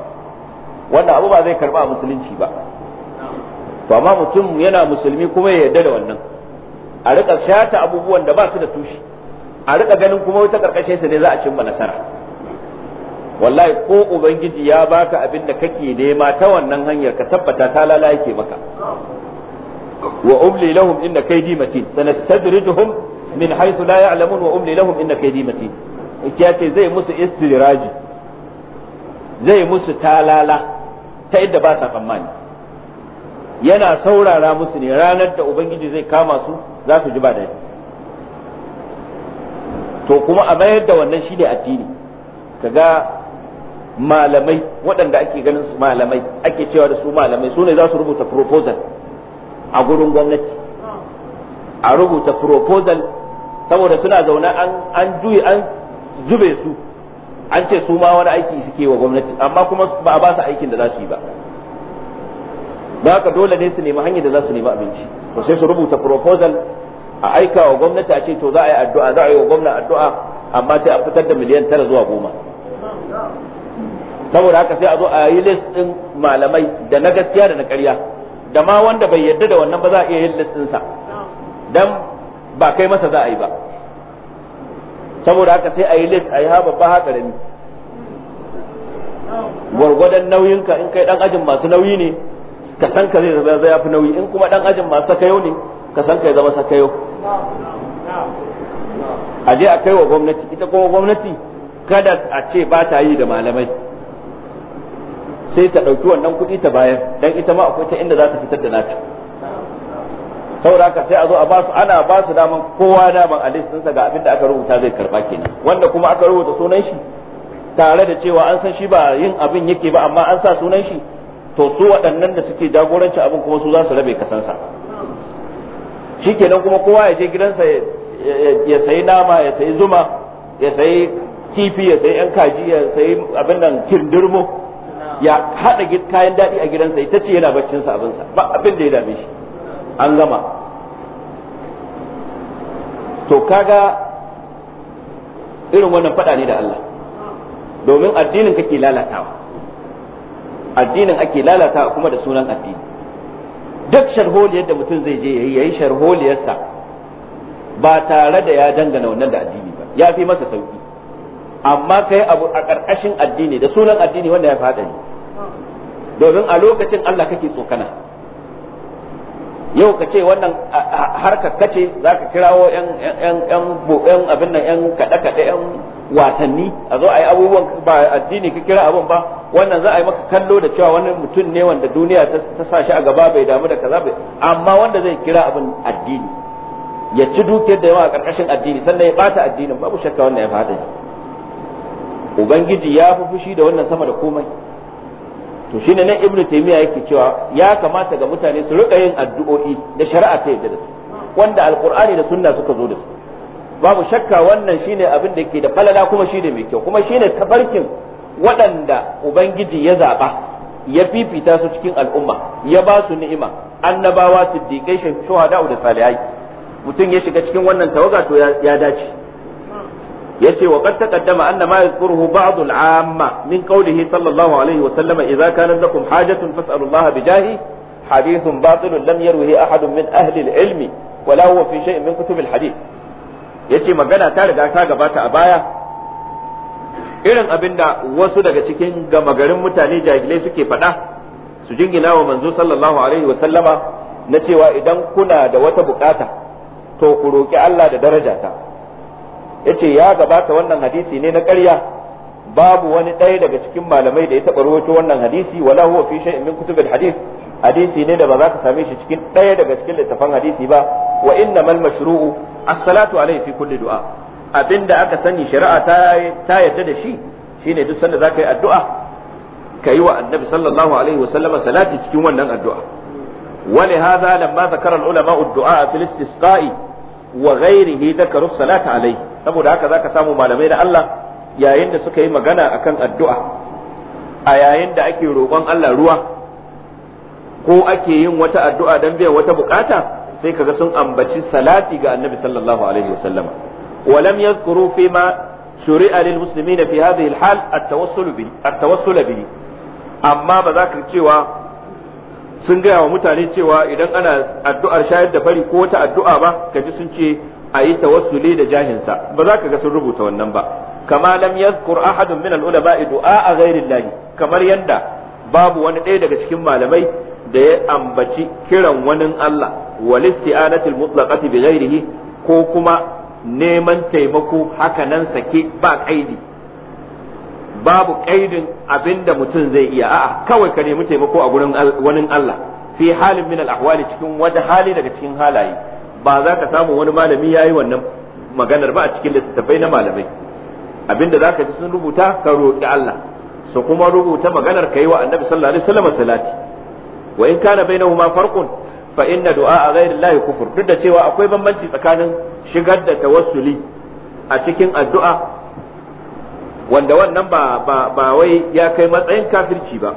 wannan abu ba zai karba a musulunci ba to amma mutum yana musulmi kuma ya yarda da wannan a rika shata abubuwan da ba su da tushe a rika ganin kuma wata karkashin sa ne za a cimma nasara wallahi ko ubangiji ya baka abin da kake nema ta wannan hanyar ka tabbata ta lala yake maka wa umli lahum inna kaydi matin sanastadrijuhum min haythu la ya'lamun wa umli lahum inna kaydi matin ce zai musu istiraji zai musu talala ta yadda ba sa tsammani yana saurara musu ne ranar da ubangiji zai kama su za su ji ba daɗi to kuma a mayar da wannan shine addini kaga malamai waɗanda ake ganin su malamai ake cewa da su malamai su ne za su rubuta proposal a gurin gwamnati a rubuta proposal saboda suna zaune an juye an zube su an ce su ma wani aiki suke wa gwamnati amma kuma ba a ba su aikin da za su yi ba don haka dole ne su nemi hanyar da za su nemi abinci to sai su rubuta proposal a aika wa gwamnati a ce to za a yi addu'a za a yi wa gwamna addu'a amma sai a fitar da miliyan tara zuwa goma saboda haka sai a zo a yi list din malamai da na gaskiya da na karya da ma wanda bai yarda da wannan ba za a iya yin list sa dan ba kai masa za a yi ba saboda haka sai a yi list a yi ha babba ha karami gwargwadon nauyinka in kai dan ajin masu nauyi ne ka san ka zai zama ya nauyi in kuma dan ajin masu sakayo ne ka san ka zama sakayo a je a kai wa gwamnati ita kuma gwamnati kada a ce ba ta yi da malamai sai ta ɗauki wannan kuɗi ta bayan dan ita ma akwai ta inda za ta fitar da nata saboda haka sai a zo a basu ana basu daman kowa daman a list sa ga abin da aka rubuta zai karba kenan wanda kuma aka rubuta sunan shi tare da cewa an san shi ba yin abin yake ba amma an sa sunan shi to su waɗannan da suke jagoranci abin kuma su za su rabe kasansa shikenan kuma kowa ya je gidansa ya sayi nama ya sayi zuma ya sayi kifi ya sayi yan kaji ya sayi abin nan kindirmo ya haɗa kayan daɗi a gidansa ita ce yana baccinsa abinsa ba abin da ya dame shi an gama to kaga irin wannan fada ne da Allah domin addinin kake lalatawa addinin ake lalatawa kuma da sunan addini duk sharholiyar da mutum zai je yayi yayi sharholiyarsa ba tare da ya dangana wannan da addini ba ya fi masa sauki amma kai abu a ƙarƙashin addini da sunan addini wanda ya faɗa ne domin a lokacin Allah kake tsokana yau ka ce wannan harkar kace za ka kirawo yan abin nan yan kaɗe-kaɗe yan wasanni a zo a yi abubuwan ba addini ka kira abin ba wannan za a yi maka kallo da cewa wani mutum ne wanda duniya ta sa shi a gaba bai damu da kaza bai amma wanda zai kira abin addini ya ci dukiyar da yawa a ƙarƙashin addini sannan ya ɓata addinin babu shakka wannan ya fada ubangiji ya fi fushi da wannan sama da komai to shine nan ibn taymiya yake cewa ya kamata ga mutane su rika yin addu'o'i da shari'a ta yadda su wanda alqur'ani da sunna suka zo da su babu shakka wannan shine abin da yake da falala kuma shine mai kyau kuma shine tabarkin waɗanda ubangiji ya zaba ya fifita su cikin al'umma ya ba su ni'ima annabawa siddiqai shuhada da salihai mutum ya shiga cikin wannan tawaga to ya dace yace wa qad taqaddama anna ma yadhkuruhu ba'd al-amma min qawlihi sallallahu alaihi wa sallama idza kana lakum hajatun fas'alu Allah bijahi hadithun batilun lam'yar yarwihi ahadun min ahli al-ilm wala huwa fi min kutub al-hadith yace magana ta riga ta gabata a baya irin abinda wasu daga cikin gama garin mutane jahilai suke faɗa su jingina wa manzo sallallahu na cewa idan kuna da wata buƙata to ku roƙi Allah da darajata yace ya gabata wannan hadisi ne na ƙarya babu wani ɗaya daga cikin malamai da ya taɓa rawaito wannan hadisi wala huwa fi shay'in min kutubil hadisi ne da ba za ka same shi cikin ɗaya daga cikin littafan hadisi ba wa mal mashru'u as-salatu alayhi fi kulli du'a abinda aka sani shari'a ta yadda da shi shine duk sanda zaka yi addu'a ka yi wa annabi sallallahu alaihi wa sallama salati cikin wannan addu'a ولهذا لما ذكر العلماء الدعاء في الاستسقاء wa ghairihi dhakaru salata alaihi saboda haka zaka samu malamai da Allah yayin da suka yi magana akan addu'a a yayin da ake roƙon Allah ruwa ko ake yin wata addu'a dan biyan wata bukata sai kaga sun ambaci salati ga Annabi sallallahu alaihi wasallama wa lam yadhkuru fi ma shuri'a lil muslimina fi hadhihi al hal at-tawassul bihi at-tawassul bihi amma ba za ka cewa sun gaya wa mutane cewa idan ana addu'ar shayar da fari ko wata addu'a ba ji sun ce a yi tawassuli da jahinsa ba za ka ga sun rubuta wannan ba kama lam yazkur ahadun min al-ulama du'a a ghairillahi kamar yanda babu wani ɗaya daga cikin malamai da ya ambaci kiran wani Allah wal isti'anatil mutlaqati bi ghairihi ko kuma neman taimako haka nan sake ba kaidi babu kaidin abinda mutum zai iya a'a kawai ka nemi taimako a gurin wani Allah fi halin min al-ahwali cikin wani hali daga cikin halaye ba za ka samu wani malami yayi wannan maganar ba a cikin littattafai na malamai abinda za ka ji sun rubuta ka roƙi Allah su kuma rubuta maganar ka yi wa annabi sallallahu alaihi wasallam salati wa in kana bainahuma farqun fa inna du'a ghairi kufur duk da cewa akwai bambanci tsakanin shigar da tawassuli a cikin addu'a wanda wannan ba ba wai ya kai matsayin kafirci ba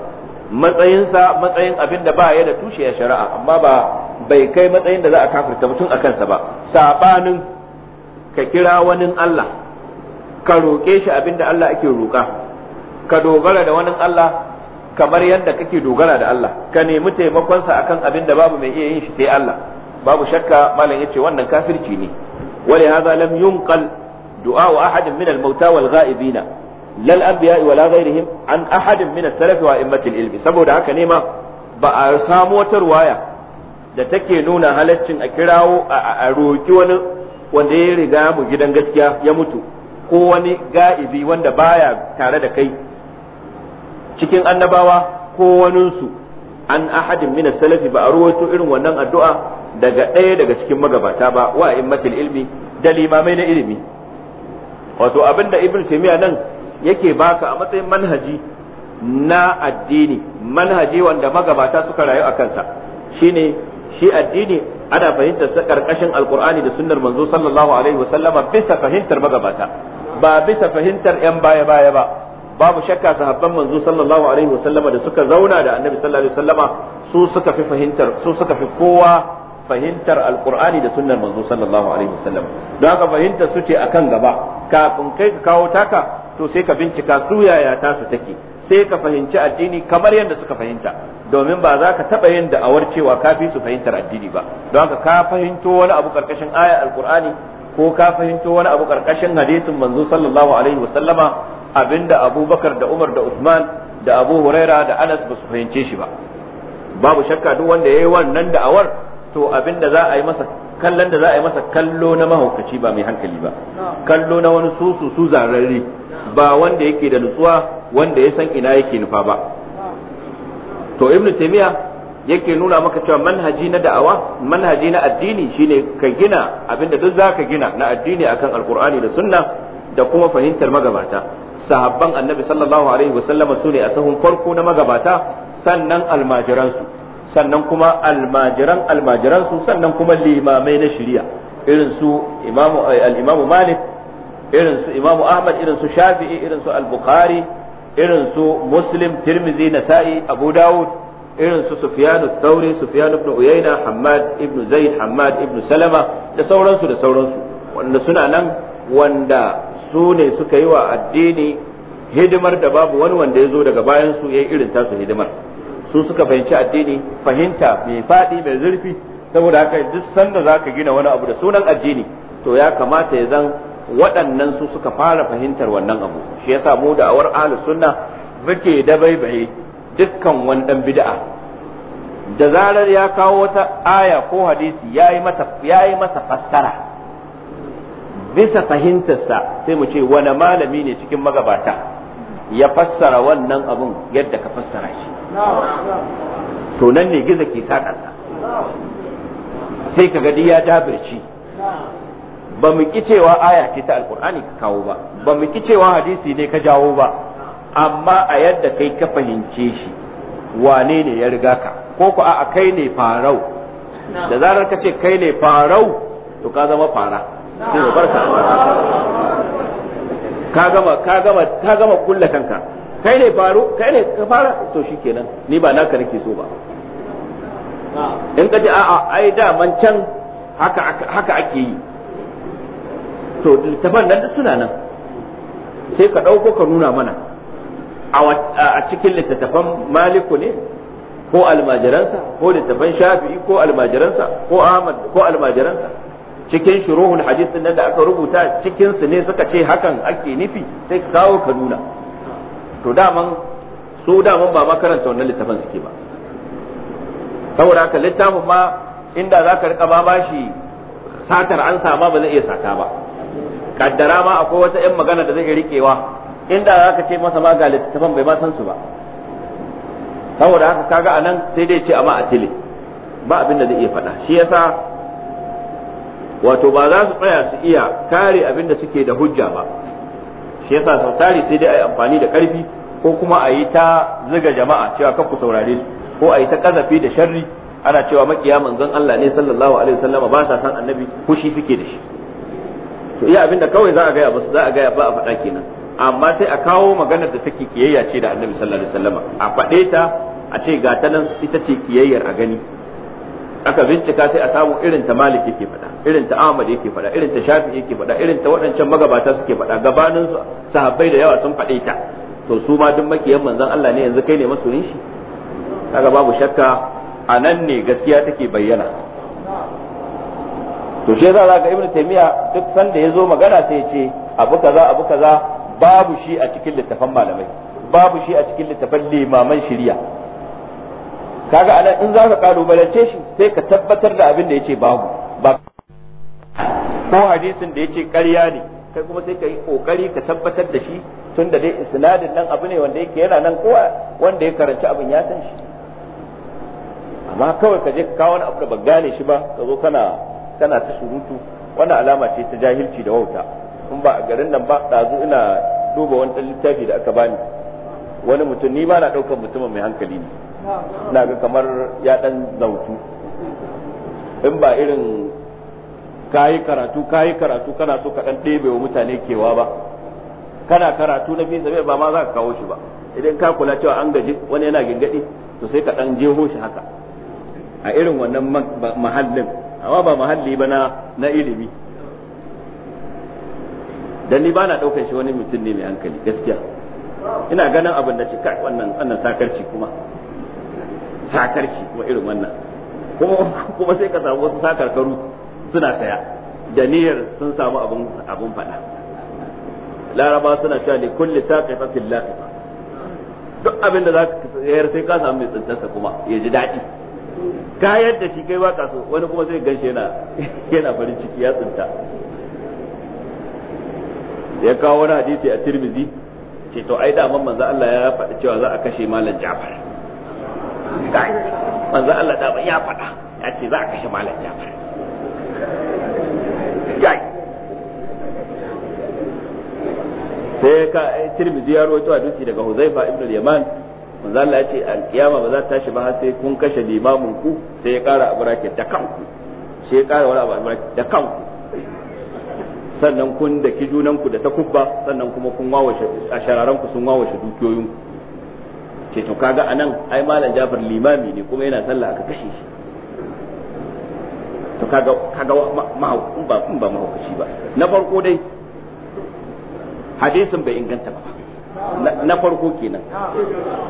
matsayinsa matsayin abin da ba ya da tushe ya shari'a amma ba bai kai matsayin da za a kafirta mutum a kansa ba sabanin ka kira wani Allah ka roƙe shi abin da Allah ake roƙa ka dogara da wani Allah kamar yadda kake dogara da Allah ka nemi taimakonsa akan abin da babu mai iya yin shi sai Allah babu shakka malam yace wannan kafirci ne wali hadha lam yunqal du'a ahadin min al-mauta wal ghaibina lal anbiya wala ghairihim an ahadin min as-salaf wa immatil ilmi saboda haka ne ma ba a samu wata ruwaya da take nuna halaccin a kirawo a roki wani wanda ya riga mu gidan gaskiya ya mutu ko wani ga'ibi wanda baya tare da kai cikin annabawa ko waninsu an ahadin min salafi ba a ruwaito irin wannan addu'a daga ɗaya daga cikin magabata ba wa immatul ilmi da limamai na ilimi wato da ibn taymiya nan yake baka a matsayin manhaji na addini manhaji wanda magabata suka rayu a kansa shine shi addini ana fahimtar sa karkashin alqur'ani da sunnar manzo sallallahu alaihi wasallama bisa fahimtar magabata ba bisa fahimtar yan baya baya ba babu shakka sahabban manzo sallallahu alaihi wasallama da suka zauna da annabi sallallahu alaihi wasallama su suka fi fahimtar su suka fi kowa fahimtar alkurani da sunnar manzo sallallahu alaihi wasallam don haka fahimtar su ce akan gaba kafin kai ka kawo taka to sai ka bincika su yaya ta su take sai ka fahimci addini kamar yadda suka fahimta domin ba za ka taɓa yin da'awar cewa ka fi su fahimtar addini ba don haka ka fahimto wani abu karkashin aya alkur'ani ko ka fahimto wani abu karkashin hadisin manzo sallallahu alaihi wasallama abinda abubakar da umar da usman da abu huraira da anas ba su fahimce shi ba babu shakka duk wanda ya yi wannan da'awar to abinda za a yi masa kallon da za a yi masa kallo na mahaukaci ba mai hankali ba kallo na wani susu su zararre ba wanda yake da nutsuwa wanda ya san ina yake nufa ba to ibnu taymiya yake nuna maka cewa manhaji na da'awa manhaji na addini shine ka gina da duk zaka gina na addini akan alqur'ani da sunna da kuma fahimtar magabata sahabban annabi sallallahu alaihi wasallama su ne a sahun farko na magabata sannan almajiransu sannan kuma almajiran almajiran su sannan kuma limamai na shari'a irin su imamu eh, al-imamu malik irin su imamu ahmad irin su shafi'i irin su al-bukhari irin su muslim tirmizi nasa'i abu dawud irin su sufyanu thauri sufyan ibn uyayna hammad ibn zaid hammad ibn salama da sauransu da sauransu wanda suna nan wanda su ne suka yi wa addini hidimar da babu wani wanda ya zo daga bayan su yayi irin tasu hidimar su suka fahimci addini fahimta mai faɗi mai zurfi saboda haka duk sanda za ka gina wani abu da sunan addini to ya kamata ya zan waɗannan su suka fara fahimtar wannan abu shi yasa mu da awar ahlus sunna muke dabaibaye dukkan wani dan bid'a da zarar ya kawo wata aya ko hadisi yayi mata yayi masa fassara bisa fahimtarsa sai mu ce wani malami ne cikin magabata ya fassara wannan abun yadda ka fassara shi to nan ne gizo ke sa sai ka gadi ya dabirci ba mu ki cewa aya ce ta alkur'ani ka kawo ba ba mu ki cewa hadisi ne ka jawo ba amma a yadda kai ka fahimce shi wane ne ya riga ka ko ku a kai ne farau da zarar ka ce kai ne farau to ka zama fara ka ka gama ka gama ka gama kulla kanka kai ne faru kai ne ka fara to shikenan ni ba naka nake so ba in ka ce a'a ai da man can haka haka ake yi to littafan nan suna nan sai ka ɗauko ka nuna mana a cikin littattafan maliku ne ko almajiransa ko littattafan shafi'i ko almajiransa ko ahmad ko almajiransa cikin shuruhul hadith nan da aka rubuta cikin su ne suka ce hakan ake nufi sai ka kawo ka nuna to daman su daman ba makaranta wannan littafin suke ba saboda haka littafin ma inda za ka rika ba bashi satar an sama ba zai iya sata ba kaddara ma akwai wata yan magana da zai iya rikewa inda za ka ce masa ma ga littafin bai ma san su ba saboda haka kaga anan sai dai ce amma a tile ba abin da zai iya faɗa shi yasa wato ba za su tsaya su iya kare abin da suke da hujja ba shi yasa sau tari sai dai a yi amfani da karfi ko kuma a yi ta ziga jama'a cewa kan ku saurare su ko a yi ta kazafi da sharri ana cewa makiya manzon Allah ne sallallahu alaihi wasallam ba sa san annabi fushi suke da shi to iya abin da kawai za a gaya ba za a gaya ba a faɗa kenan amma sai a kawo maganar da take kiyayya ce da annabi sallallahu alaihi wasallam a faɗe ta a ce ga ta nan ita ce kiyayyar a gani aka bincika sai a samu irin ta malik yake faɗa irin ta ahmad yake faɗa irin ta shafi yake faɗa irin ta waɗancan magabata suke faɗa gabanin sahabbai da yawa sun faɗe ta to su ma duk makiyan manzon Allah ne yanzu kai ne masoyin shi kaga babu shakka a nan ne gaskiya take bayyana to shi za ga ibnu taymiya duk sanda yazo magana sai ya ce abu kaza abu kaza babu shi a cikin littafan malamai babu shi a cikin littafan limaman shari'a kaga anan in za ka balance shi sai ka tabbatar da abin da yace babu ba ko hadisin da yace ƙarya ne kai kuma sai ka yi kokari ka tabbatar da shi tun da dai isnadin nan abu ne wanda yake yana nan kowa wanda ya karanci abin ya san shi amma kawai ka je ka kawo wani abu da ba gane shi ba ka zo kana kana ta surutu wannan alama ce ta jahilci da wauta in ba a garin nan ba ɗazu ina duba wani littafi da aka bani wani mutum ni ba na ɗaukar mutumin mai hankali ne ina ga kamar ya dan zautu in ba irin kayi karatu kayi karatu kana so ka dan ɗebe wa mutane kewa ba kana karatu na bisa sabi ba ma za ka kawo shi ba idan ka kula cewa an gaji wani yana gingadi to sai ka dan jeho shi haka a irin wannan mahallin amma ba mahalli ba na na ilimi dan ni bana daukar shi wani mutum ne mai hankali gaskiya ina ganin abin da cika wannan wannan sakarci kuma sakarki kuma irin wannan kuma sai ka samu wasu sakarkaru suna saya da niyyar sun samu abun abun fada laraba suna cewa li kulli saqifatin laqifa duk abin da zaka sayar sai ka samu mai tsintarsa kuma ya ji daɗi kayar da shi kai baka so wani kuma sai ganshe yana yana farin ciki ya tsinta ya kawo wani hadisi a tirmizi ce to ai da manzo Allah ya faɗi cewa za a kashe malam Ja'far kai manzo Allah da ya faɗa ya ce za a kashe malam Jafar kai sai ka eh, Tirmidhi ya rawaito hadisi daga Huzaifa ibn al-Yaman manzo Allah ya ce alkiyama ba za ta tashi ba har sai kun kashe limamin ku sai ya kara abrake da kanku sai ya kara wani abu abrake da kanku sannan kun da ki junanku da takubba sannan kuma kun wawashe a shararanku sun wawashe dukiyoyinku ce to kaga anan ai malam Jafar limami ne kuma yana sallah aka kashe shi to kaga kaga mahaukaci ba kun ba mahaukaci ba na farko dai hadisin bai inganta ba na farko kenan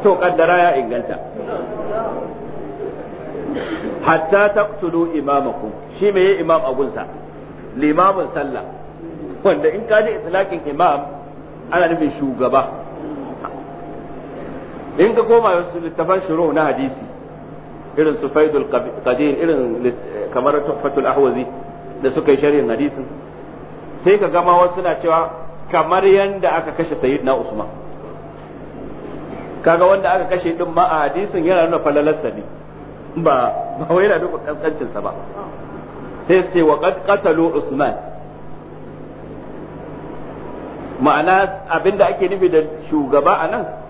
to kaddara ya inganta hatta taqtulu imamakum shi meye imam agunsa limamin sallah wanda in kaji itlaqin imam ana nufin shugaba in ka koma wasu littafan shuru na hadisi irin su faidul qadir irin kamar tuhfatul ahwazi da suka yi shari'in hadisin sai ka gama wasu na cewa kamar yanda aka kashe sayyidina usman kaga wanda aka kashe din ma a hadisin yana nuna falalarsa ne ba ba wai yana duka kankancinsa sa ba sai sai wa qad qatalu usman ma'ana abinda ake nufi da shugaba anan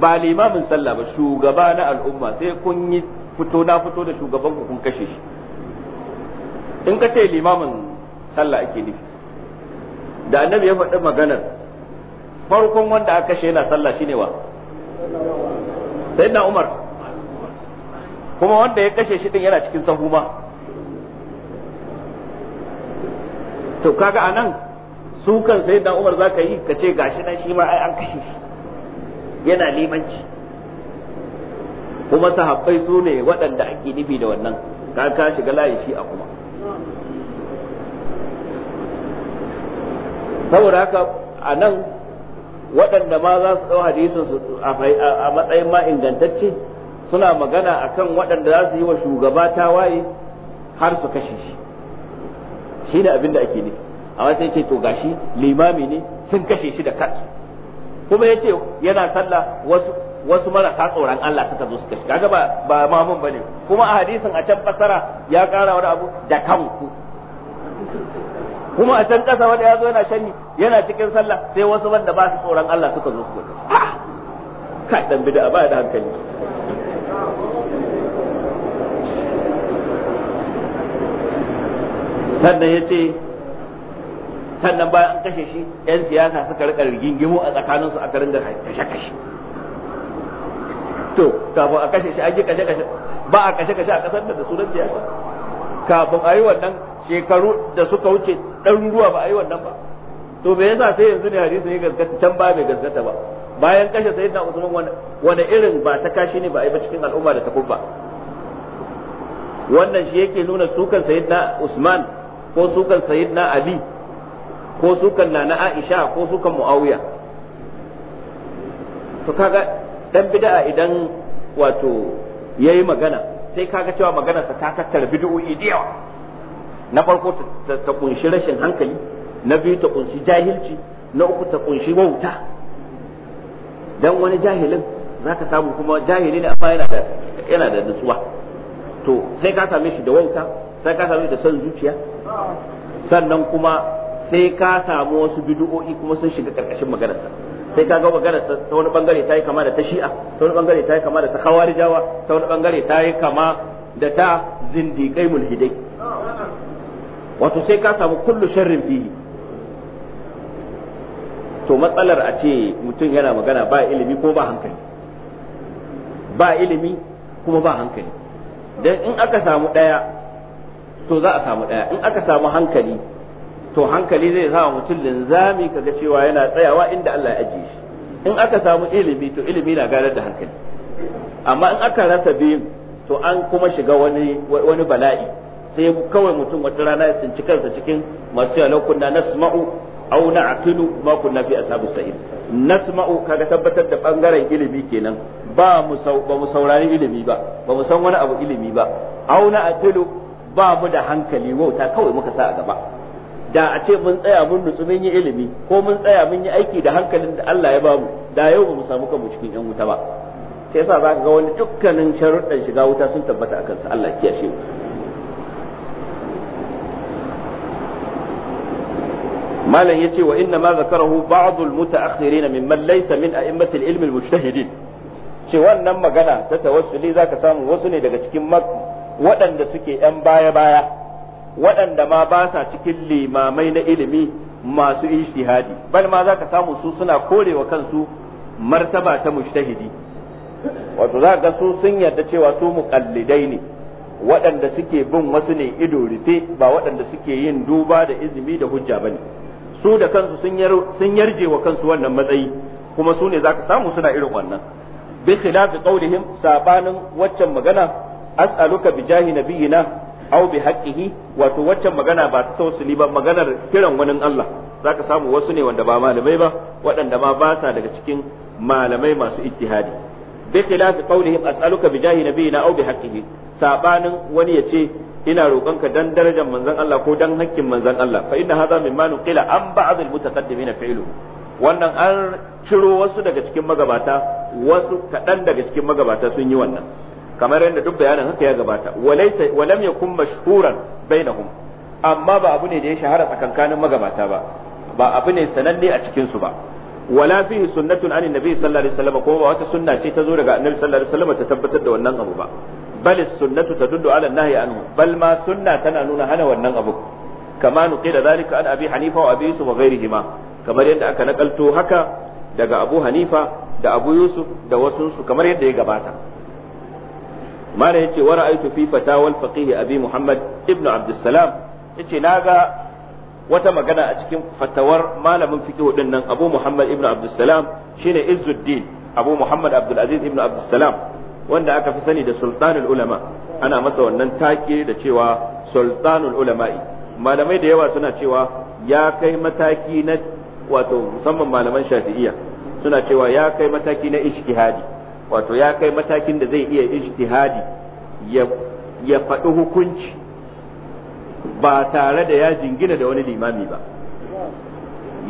ba limamin sallah ba shugaba na al'umma sai kun yi fito na fito da shugaban ku kun kashe shi in ka ce limamin sallah ake nufi da annabi ya faɗi maganar farkon wanda aka kashe yana sallah shine wa sayyidina umar kuma wanda ya kashe shi din yana cikin sahu ma to kaga anan su kan sayyidina umar zaka yi ka ce gashi nan shi ma ai an kashe shi yana limanci kuma sahabbai su ne waɗanda ake nufi da wannan ka ka shiga layi shi a kuma saboda haka a nan waɗanda ma za su ɗau hadisin su a matsayin ma ingantacce suna magana a kan waɗanda za su yi wa shugaba tawaye har su kashe shi shi ne abin da ake nufi amma sai ce to gashi limami ne sun kashe shi da kansu kuma ya ce yana sallah wasu wasu marasa tsoron Allah suka zo suka shiga ba ba mamun bane kuma a hadisin a can fasara ya kara wani abu da kanku kuma a can kasa wani ya zo yana shanni yana cikin sallah sai wasu wanda ba su tsoron Allah suka zo suka ka dan bid'a ba da hankali sannan yace sannan bayan an kashe shi yan siyasa suka rika rigingimo a tsakaninsu aka ringa kashe-kashe to kafin a kashe shi an yi kashe-kashe ba a kashe-kashe a kasar da sunan siyasa kafin a yi wannan shekaru da suka wuce ɗaruruwa ba a yi wannan ba to me yasa sai yanzu ne hadisi ya gaskata can ba bai gaskata ba bayan kashe sayyidina usman wani irin ba ta kashi ne ba a yi ba cikin al'umma da ta wannan shi yake nuna sukan sayyidina usman ko sukan sayyidina ali ko sukan na na aisha ko sukan muawiya to kaga dan bid'a idan wato yayi magana sai kaga cewa maganarsa ta tattara bid'o'i da na farko ta kunshi rashin hankali na biyu ta kunshi jahilci na uku ta kunshi wauta dan wani jahilin zaka samu kuma jahili ne amma yana da yana da nutsuwa to sai ka same shi da wauta sai ka same shi da son zuciya sannan kuma sai ka samu wasu bid'o'i kuma sun shiga karkashin maganarsa sai ka ga maganarsa ta wani bangare ta yi kama da ta shi'a ta wani bangare ta yi kama da ta khawarijawa ta wani bangare ta yi kama da ta zindiƙai mulhidai wato sai ka samu kullu sharrin fihi to matsalar a ce mutum yana magana ba ilimi ko ba hankali ba ilimi kuma ba hankali dan in aka samu ɗaya to za a samu ɗaya in aka samu hankali to hankali zai sa mutum linzami kaga cewa yana tsayawa inda Allah ya ajiye shi in aka samu ilimi to ilimi na gadar da hankali amma in aka rasa biyun to an kuma shiga wani wani bala'i sai kawai mutum wata rana ya tsinci kansa cikin masu cewa kunna nasma'u aw na'qilu ma kunna fi ashabu sa'id nasma'u kaga tabbatar da bangaren ilimi kenan ba mu ba mu saurari ilimi ba ba mu san wani abu ilimi ba aw na'qilu ba mu da hankali wauta kawai muka sa a gaba da a ce mun tsaya mun nutsu mun yi ilimi ko mun tsaya mun yi aiki da hankalin da Allah ya bamu da yau ba mu samu kanmu cikin yan wuta ba sai yasa za ga wani dukkanin sharuɗan shiga wuta sun tabbata a kansa Allah ya shi malam yace wa inna ma zakarahu ba'd al mutaakhirin mimman laysa min a'immat al ilm al mujtahidin ce wannan magana ta tawassuli zaka samu wasu ne daga cikin waɗanda suke yan baya baya waɗanda ma ba sa cikin limamai na ilimi masu ijtihadi bal ma za ka samu su suna korewa kansu martaba ta mujtahidi wato za ga su sun yarda cewa su muqallidai ne waɗanda suke bin wasu ne ido rufe ba waɗanda suke yin duba da izini da hujja bane su da kansu sun yarje wa kansu wannan matsayi kuma su ne za ka samu suna irin wannan bi khilafi qawlihim sabanin waccan magana as'aluka bi jahi nabiyina aw bi haqqihi wato waccan magana ba ta tausuli ba maganar kiran wani Allah zaka samu wasu ne wanda ba malamai ba waɗanda ma ba sa daga cikin malamai masu ijtihadi bi khilafi qawlihim as'aluka bi jahi nabiyina aw bi haqqihi sabanin wani yace ina roƙonka dan darajar manzon Allah ko dan haƙƙin manzon Allah fa inna hadha mimma nuqila an ba'd al-mutaqaddimina fi'lu wannan an ciro wasu daga cikin magabata wasu kaɗan daga cikin magabata sun yi wannan kamar yadda duk bayanin haka ya gabata walaysa walam yakun mashhuran bainahum amma ba abu ne da ya shahara tsakankanin magabata ba ba abu ne sananne a cikin su ba wala fihi sunnatun anin nabi sallallahu alaihi wasallam kuma ba wata sunna ce ta zo daga annabi sallallahu alaihi wasallam ta tabbatar da wannan abu ba bal sunnatu tadullu ala nahyi anhu bal ma sunna tana nuna hana wannan abu kama nuqila zalika an abi hanifa wa abi yusuf wa ghairihima kamar yadda aka nakalto haka daga abu hanifa da abu yusuf da wasu su kamar yadda ya gabata mala yace wa ra'aytu fi fatawal faqih abi muhammad ibn abdussalam yace naga wata magana a cikin fatawar malamin fiqh din nan abu muhammad ibn salam shine izzuddin abu muhammad abdul aziz ibn salam. wanda aka fi sani da sultanul ulama ana masa wannan take da cewa sultanul ulama'i malamai da yawa suna cewa ya kai mataki na wato musamman malaman shafi'iyya suna cewa ya kai mataki na ijtihadi wato ya kai matakin da zai iya ijtihadi ya faɗi hukunci ba tare da ya jingina da wani limami ba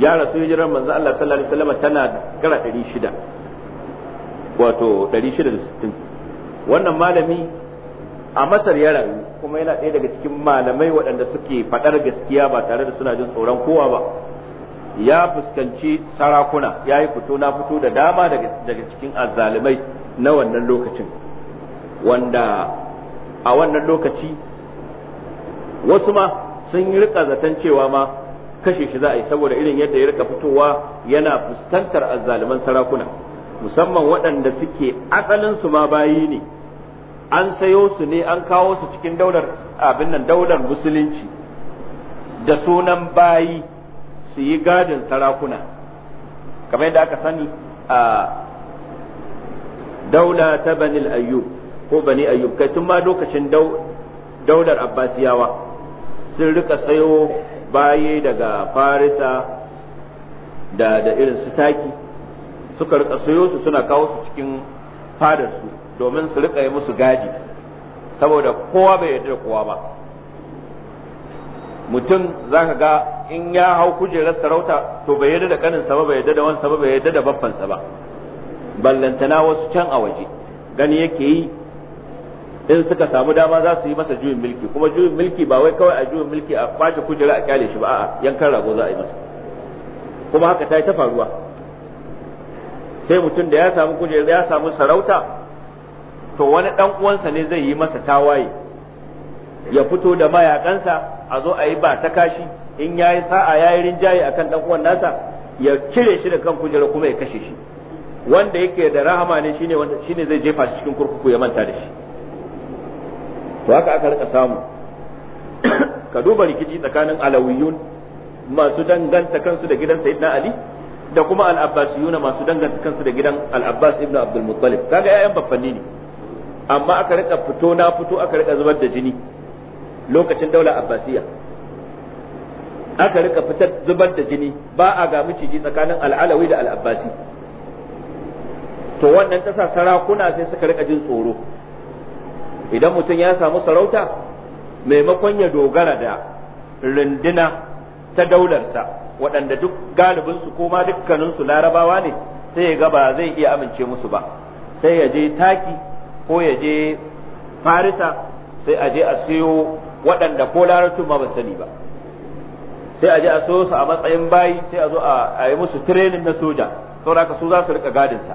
ya rasu hijirar manzo Allah sallallahu alaihi wasallam tana kara 600 wato 660 wannan malami a Masar ya rayu kuma yana ɗaya daga cikin malamai waɗanda suke faɗar gaskiya ba tare da suna jin tsoron kowa ba ya fuskanci sarakuna ya yi fito na fito da dama daga cikin azalimai na wannan lokacin wanda a wannan lokaci wasu ma sun yi rika zaton cewa ma kashe shi za a yi saboda irin yadda ya rika fitowa yana fuskantar azaliman sarakuna musamman waɗanda suke asalinsu ma bayi ne an sayo su ne an kawo su cikin daular abin nan daular musulunci da sunan bayi su yi gadin sarakuna kamar yadda aka sani a daula ta banil ayyub ko bani ayyub kai tun ma lokacin daular abbasiyawa sun rika sayo baye daga farisa da irin su taki suka rika sayo su suna kawo su cikin fadarsu domin su rika yi musu gadi saboda kowa bai yarda da kowa ba mutum zaka ga in ya hau kujerar sarauta to bai yarda da kanin sa ba bai yarda da wansa ba bai yarda da babban sa ba ballantana wasu can a waje gani yake yi in suka samu dama za su yi masa juyin mulki kuma juyin mulki ba wai kawai a juyin mulki a kwace kujera a kyale shi ba a'a yankan rago za a yi masa kuma haka ta yi ta faruwa sai mutum da ya samu kujera ya samu sarauta to wani ɗan uwansa ne zai yi masa tawaye ya fito da mayakansa a zo a yi ba ta kashi in ya yi sa'a ya yi rinjaye a kan uwan nasa ya cire shi da kan kujera kuma ya kashe shi wanda yake da rahama ne shine wanda shine zai jefa shi cikin kurkuku ya manta da shi to haka aka rika samu ka duba rikici tsakanin alawiyun masu danganta kansu da gidan sayyidina ali da kuma al-abbasiyuna masu danganta kansu da gidan al-abbas ibn abdul muttalib kaga yayan baffanni ne amma aka rika fito na fito aka rika zubar da jini lokacin daular abbasiya aka rika fitar zubar da jini ba a ga miciji tsakanin al'alawi da al'abbasi to wannan ta sa sarakuna sai suka rika jin tsoro idan mutum ya samu sarauta maimakon ya dogara da runduna ta daularsa waɗanda duk galibinsu ko ma dukkaninsu larabawa ne sai ya ga ba zai iya amince musu ba sai ya je taki ko ya je farisa sai a je a siyo waɗanda ko larabcin ma ba sani ba sai a je a so su a matsayin bayi sai a zo a yi musu training na soja saboda haka su za su rika gadin sa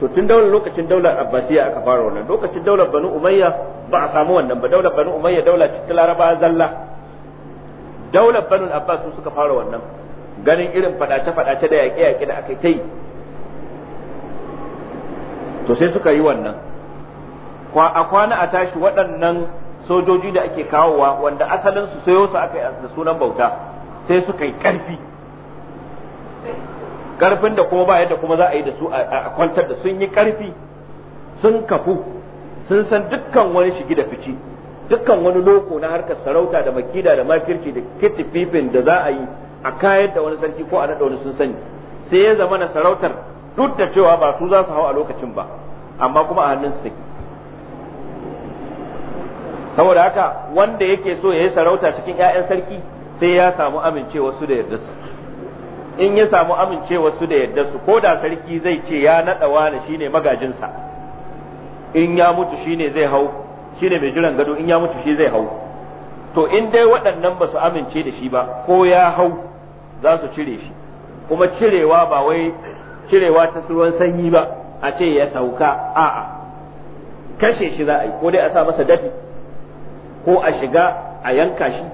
to tun daular lokacin daular abbasiya aka fara wannan lokacin daular banu umayya ba a samu wannan ba daular banu umayya daular ce ta laraba zalla daular banu abbas su suka fara wannan ganin irin fadace-fadace da yaƙe-yaƙe da aka yi to sai suka yi wannan a kwana a tashi waɗannan sojoji da ake kawowa wanda asalin su sayo su aka da sunan bauta sai suka yi karfi karfin da kuma ba yadda kuma za a yi da su a kwantar da sun yi karfi sun kafu sun san dukkan wani shigi da fici dukkan wani loko na harkar sarauta da makida da makirci da kitififin da za a yi a kayar da wani sarki ko a naɗa wani sun sani sai ya zama na sarautar duk da cewa ba su za su hau a lokacin ba amma kuma a hannun su take saboda haka wanda yake so ya yi sarauta cikin 'ya'yan sarki sai ya samu amincewa su da yarda su in ya samu amincewa su da yarda su ko da sarki zai ce ya naɗa wani shine magajinsa in ya mutu shine zai hau shine mai jiran gado in ya mutu shi zai hau to in dai waɗannan ba su amince da shi ba ko ya hau za su cire shi kuma cirewa ba wai cirewa ta ruwan sanyi ba a ce ya sauka a'a kashe shi za a yi ko dai a sa masa dafi ko a shiga a yanka shi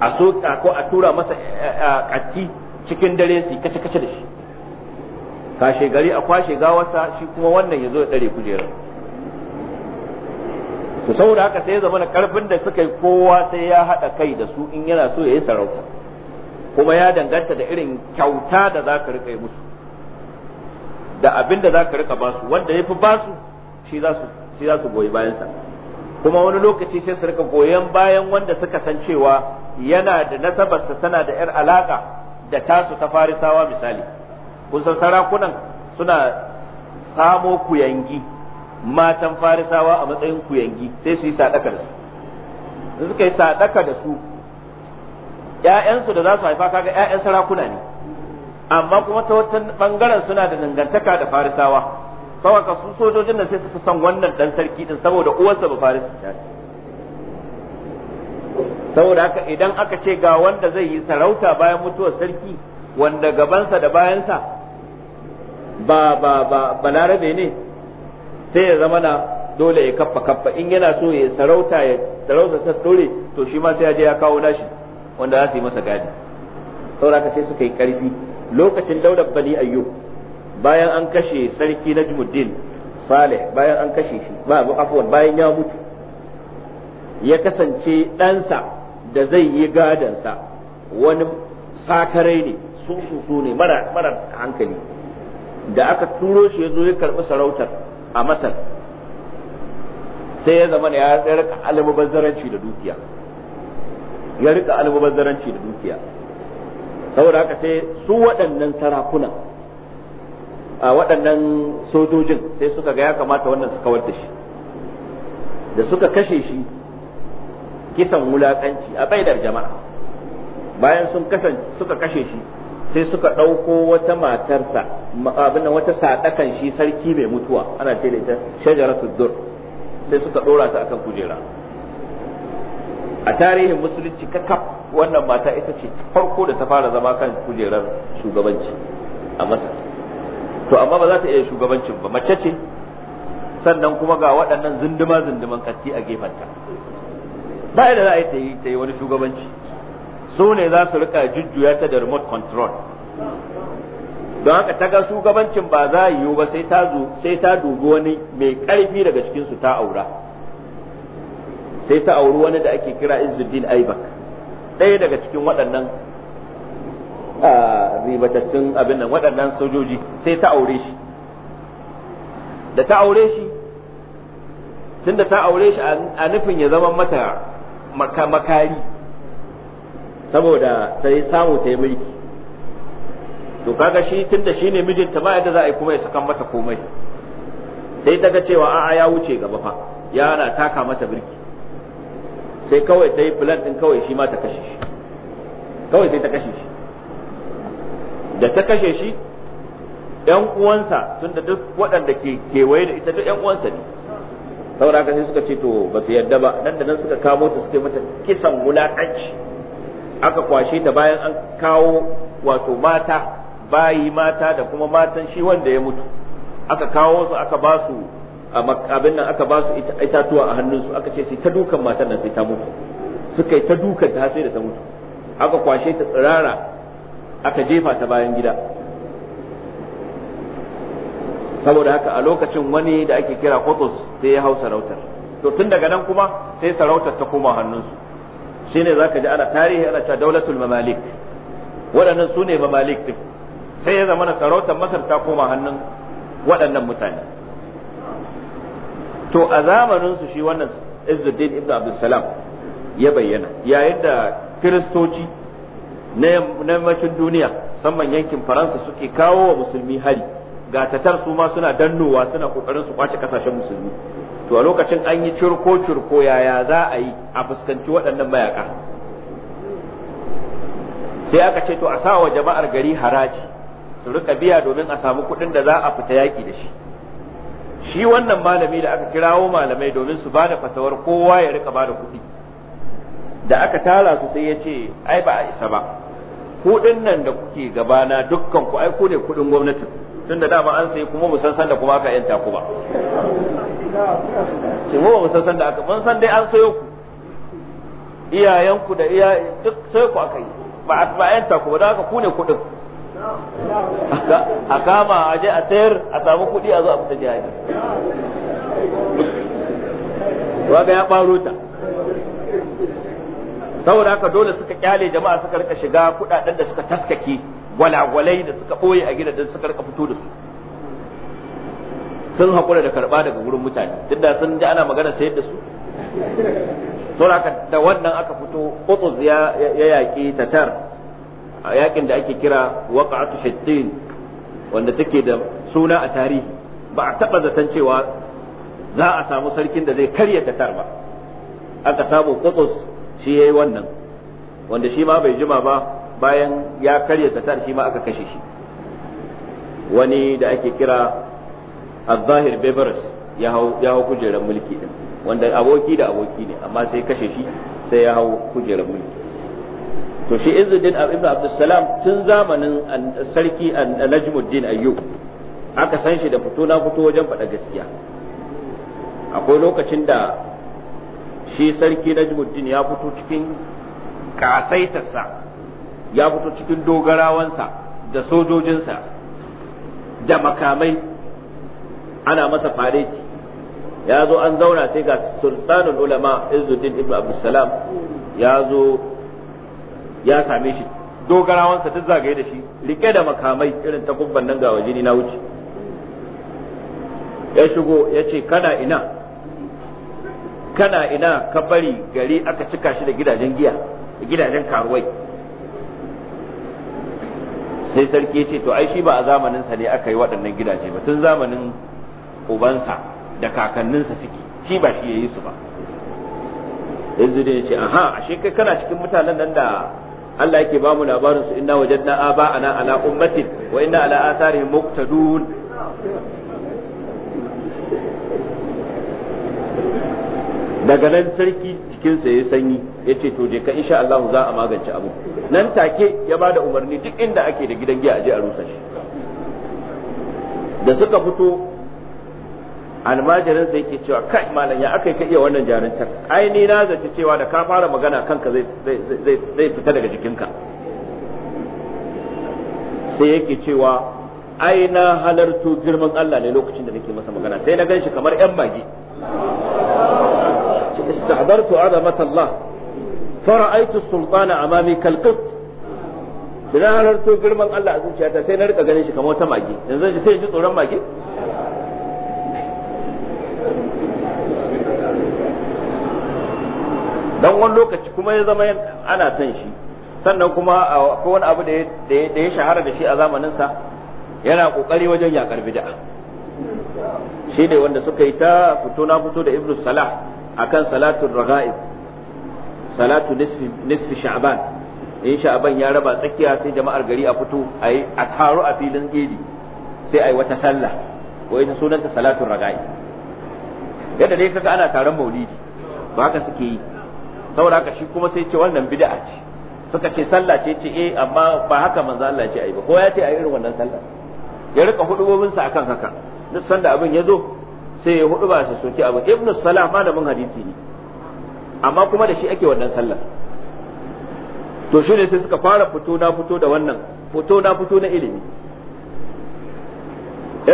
a soka ko a tura masa eh, eh, eh, katti cikin dare su kace kace da shi kashe gari a kwashe gawarsa shi kuma wannan ya zo ya dare kujerar to saboda haka sai ya zama na karfin da suka yi kowa sai ya haɗa kai da su in yana so ya yi sarauta kuma ya danganta da irin kyauta da za ka rika yi musu da abin da za ka rika basu wanda ya fi basu shi za su goyi bayansa kuma wani lokaci sai su rika goyon bayan wanda suka san cewa yana da nasabarsa tana da 'yar alaka da tasu ta farisawa misali kun san sarakunan suna samo kuyangi matan farisawa a matsayin kuyangi sai su yi sadaka da su in suka yi sadaka da su ‘ya'yansu da za su haifa kaga ‘ya'yan sarakuna ne amma kuma ta wata bangaren suna da dangantaka da farisawa sawaka su sojojin da sai suka san wannan dan sarki din saboda uwarsa ba su ta saboda haka idan aka ce ga wanda zai yi sarauta bayan mutuwar sarki wanda gabansa da bayansa ba ba ba balarabe ne sai ya zama na dole ya kaffa kaffa in yana so ya sarauta ya sarauta ta dole to shi ma sai ya je ya kawo nashi wanda za su yi masa gadi saboda haka sai suka yi karfi lokacin daular bani ayyub bayan an kashe sarki jimuddin Saleh bayan an kashe shi ba afwan bayan ya mutu ya kasance ɗansa da zai yi gadansa wani sakarai ne su ne mara hankali da aka turo shi ya zo ya karɓi sarautar a Masar sai ya zama ya rika almubazzaranci da dukiya ya rika almubazzaranci da dukiya saboda haka sai su waɗannan sarakuna a waɗannan sojojin sai suka ga ya kamata wannan su kawar shi da suka kashe shi kisan wulaƙanci a baidar jama'a bayan sun kasance suka kashe shi sai suka ɗauko wata matarsa abin wata saɗakan shi sarki mai mutuwa ana ce da ita shajaratul dur sai suka ɗora ta akan kujera a tarihin musulunci kakaf wannan mata ita ce farko da ta fara zama kan kujerar shugabanci a masar to amma ba za ta iya shugabancin ba mace ce sannan kuma ga waɗannan zinduma zinduman katti a gefenta ba yadda za a yi ta yi ta wani shugabanci su ne za su rika jujjuya ta da remote control don haka ta ga shugabancin ba za yi yiwu ba sai ta sai ta dubi wani mai ƙarfi daga cikin su ta aura sai ta auri wani da ake kira Izzuddin Aibak ɗaya daga cikin waɗannan ribatattun abin nan waɗannan sojoji sai ta aure shi da ta aure shi tun da ta aure shi a nufin ya zama mata makari saboda ta yi samu ta yi mulki to kaga shi tun da shi ne mijinta ba yadda za a yi kuma ya saka mata komai sai ta ga cewa a'a ya wuce gaba fa ya ana taka mata birki sai kawai ta yi filan ɗin kawai shi ma ta kashe shi kawai sai ta kashe shi da ta kashe shi ‘yan uwansa tunda duk waɗanda ke kewaye da ita duk ‘yan uwansa ne saboda haka sai suka ce to ba su yarda ba nan da nan suka kawo ta suka mata kisan wulaƙanci aka kwashe ta bayan an kawo wato mata bayi mata da kuma matan shi wanda ya mutu aka kawo su aka ba su abin nan aka ba su itatuwa a hannunsu aka ce sai ta dukan matan nan sai ta mutu suka yi ta dukan ta sai da ta mutu aka kwashe ta tsirara aka jefa ta bayan gida saboda haka a lokacin wani da ake kira kotos sai ya hau sarautar to tun daga nan kuma sai sarautar ta koma hannunsu za ka ji ana tarihi ana cewa daulatul mamalik waɗannan su ne mamalik ɗin sai ya zama sarautar masar ta koma hannun waɗannan mutane to a zamanin su shi wannan izuddin ibn Abdul Salam ya bayyana yayin da kiristoci na yammacin duniya musamman yankin faransa suke kawo wa musulmi hari tatar su ma suna dannowa suna kokarin su kwace kasashen musulmi to a lokacin an yi curko curko yaya za a yi a fuskanci waɗannan mayaka sai aka ce to a sa wa jama'ar gari haraji su rika biya domin a samu kuɗin da za a fita yaƙi da shi shi wannan malami da aka kirawo malamai domin su bada fatawar kowa ya rika bada kuɗi da aka tara su sai ya ce ai ba a isa ba kuɗin nan da kuke gabana dukkan ku ai ku ne kuɗin gwamnatin tunda dama an sai kuma mu san da kuma aka yanta ku ba ce mu mu san da aka ban san dai an sayo ku iyayenku da iya duk sai ku aka yi ba a ba yanta ku ba da haka ku ne kuɗin a kama a je a sayar a samu kuɗi a zo a fita jihadi waga ya ɓaro ta saboda haka dole suka kyale jama'a suka rika shiga kudaden da suka taskake gwalagwalai da suka boye a gidajen suka rika fito da su sun hakura da karba daga wurin mutane tunda sun ji ana magana sayar da su saboda haka da wannan aka fito Qutuz ya yaƙi Tatar a yakin da ake kira waqa'atu shittin wanda take da suna a tarihi ba a taba zaton cewa za a samu sarkin da zai karya Tatar ba aka samu Qutuz shi ya yi wannan wanda shi ma bai jima ba bayan ya karya tatar shi ma aka kashe shi wani da ake kira al-zahir beveres ya hau kujerar mulki din wanda aboki da aboki ne amma sai kashe shi sai ya hau kujerar mulki to shi izuddin ibn abdussalam tun zamanin sarki najmuddin ayyub aka san shi da fito na fito wajen faɗa gaskiya akwai lokacin da shi sarki najmuddin ya fito cikin kasaitarsa ya fito cikin dogarawansa da sojojinsa da makamai ana masa fareti ya zo an zauna sai ga sultanul ulama izuddin ibn abdussalam ya zo ya same shi dogarawansa duk zagaye da shi rike da makamai irin takubban nan ga wajini na wuce ya shigo ya ce kana ina kana ina ka bari gari aka cika shi da gidajen giya da gidajen karuwai sai sarki ya ce to ai shi ba a zamanin sa ne aka yi waɗannan gidaje ba tun zamanin ubansa da kakanninsa suke shi ba shi ya yi su ba yanzu ne ce aha ashe kai kana cikin mutanen nan da Allah yake ba mu labarin su inna wajadna aba'ana ala ummatin wa inna ala atharihim muqtadun daga nan sarki jikinsa ya sanyi ya ce to je ka insha Allah za a magance abu nan take ya bada umarni duk inda ake da gidan giya a je a rusa shi da suka fito sai yake cewa kai malam ya aka ka iya wannan jarintar ai ni na zaci cewa da ka fara magana kanka zai zai zai fita daga jikinka sai yake cewa ai na halarto girman Allah ne lokacin da nake masa magana sai na ganshi kamar yan magi استحضرت عظمة الله فرأيت السلطان أمامي كالقط da na halarto girman Allah a zuciyata sai na rika ganin shi kamar wata mage yanzu sai ji tsoron mage dan wani lokaci kuma ya zama ana son shi sannan kuma ko wani abu da ya shahara da shi a zamanin sa yana kokari wajen yakar bid'a shi ne wanda suka yi ta fito na fito da ibnu salah akan salatun raga'ib salatu nisfi sha'ban in sha'ban ya raba tsakiya sai jama'ar gari a fito a taro a filin idi sai a yi wata sallah ko ita sunanta salatun raga'ib yadda dai kaga ana taron maulidi ba haka suke yi saboda haka shi kuma sai ce wannan bid'a ce suka ce sallah ce ce eh amma ba haka manzo Allah ce ayi ba ko ya ce ayi irin wannan sallah ya rika hudubobinsa akan haka duk sanda abin ya zo sai ya hudu ba su soki abu ibnu salah malamin hadisi ne amma kuma da shi ake wannan sallar to shi ne sai suka fara fito na fito da wannan fito na fito na ilimi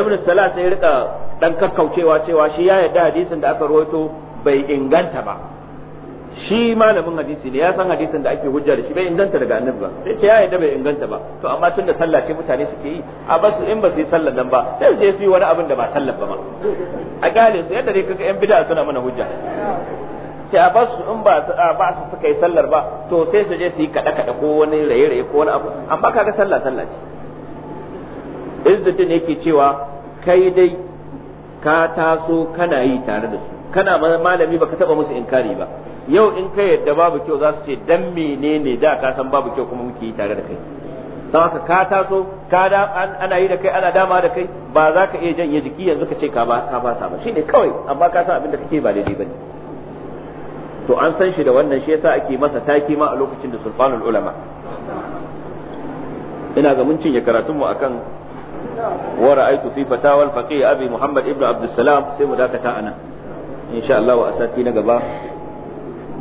ibnu salah sai rika dan kakkaucewa cewa shi ya yarda hadisin da aka rawaito bai inganta ba shi malamin hadisi ne ya san hadisin da ake hujja da shi bai inganta daga annabi ba sai ce ya yadda bai inganta ba to amma tun da sallah ce mutane suke yi a basu in ba su yi sallar nan ba sai su je su yi wani abin da ba sallar ba ma a gane su yadda dai kaga yan bid'a suna mana hujja sai a basu in ba su ba su suka yi sallar ba to sai su je su yi kada kada ko wani raye raye ko wani abu amma kaga sallah sallah ce izzuddin yake cewa kai dai ka taso kana yi tare da su kana malami baka taba musu inkari ba yau in ka yadda babu kyau za su ce dan menene da ka san babu kyau kuma muke yi tare da kai don haka ka taso ka da ana yi da kai ana dama da kai ba za ka iya janye jiki yanzu ka ce ka ba ka ba sa ba shine kawai amma ka san abin da kake ba daidai bane to an san shi da wannan shi yasa ake masa taki ma a lokacin da sulfanul ulama ina ga mun cinye karatun mu akan wa ra'aytu fi fatawal faqih abi muhammad ibnu abdussalam sai mu dakata anan insha Allah wa asati na gaba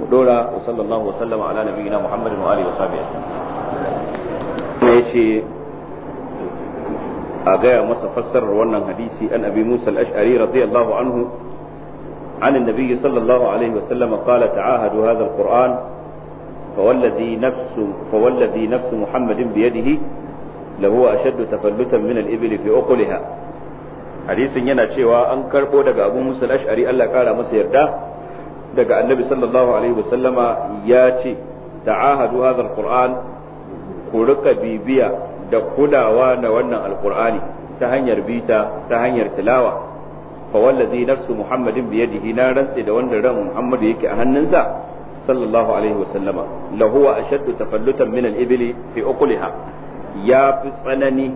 dora وصلى الله وسلم على نبينا محمد Muhammadin wa alihi wa sahbihi ajma'in ne ce a gaya masa fassarar wannan hadisi an abi Musa عن النبي صلى الله عليه وسلم قال تعاهدوا هذا القرآن فوالذي نفس فوالذي نفس محمد بيده لهو أشد تفلتا من الإبل في أقلها حديث ينا شيوا أنكر بودك أبو موسى الأشعري ألا قال مصير ده daga annabi sallallahu alaihi wasallama ya ce ta'ahadu hadha alquran ku rika bibiya da kulawa na wannan alqur'ani ta hanyar bita ta hanyar tilawa fa wallazi nafsu muhammadin bi yadihi na rantse da wanda ran muhammadu yake a hannunsa sallallahu alaihi wasallama lahu wa ashaddu tafallutan min al-ibli fi ya fi tsanani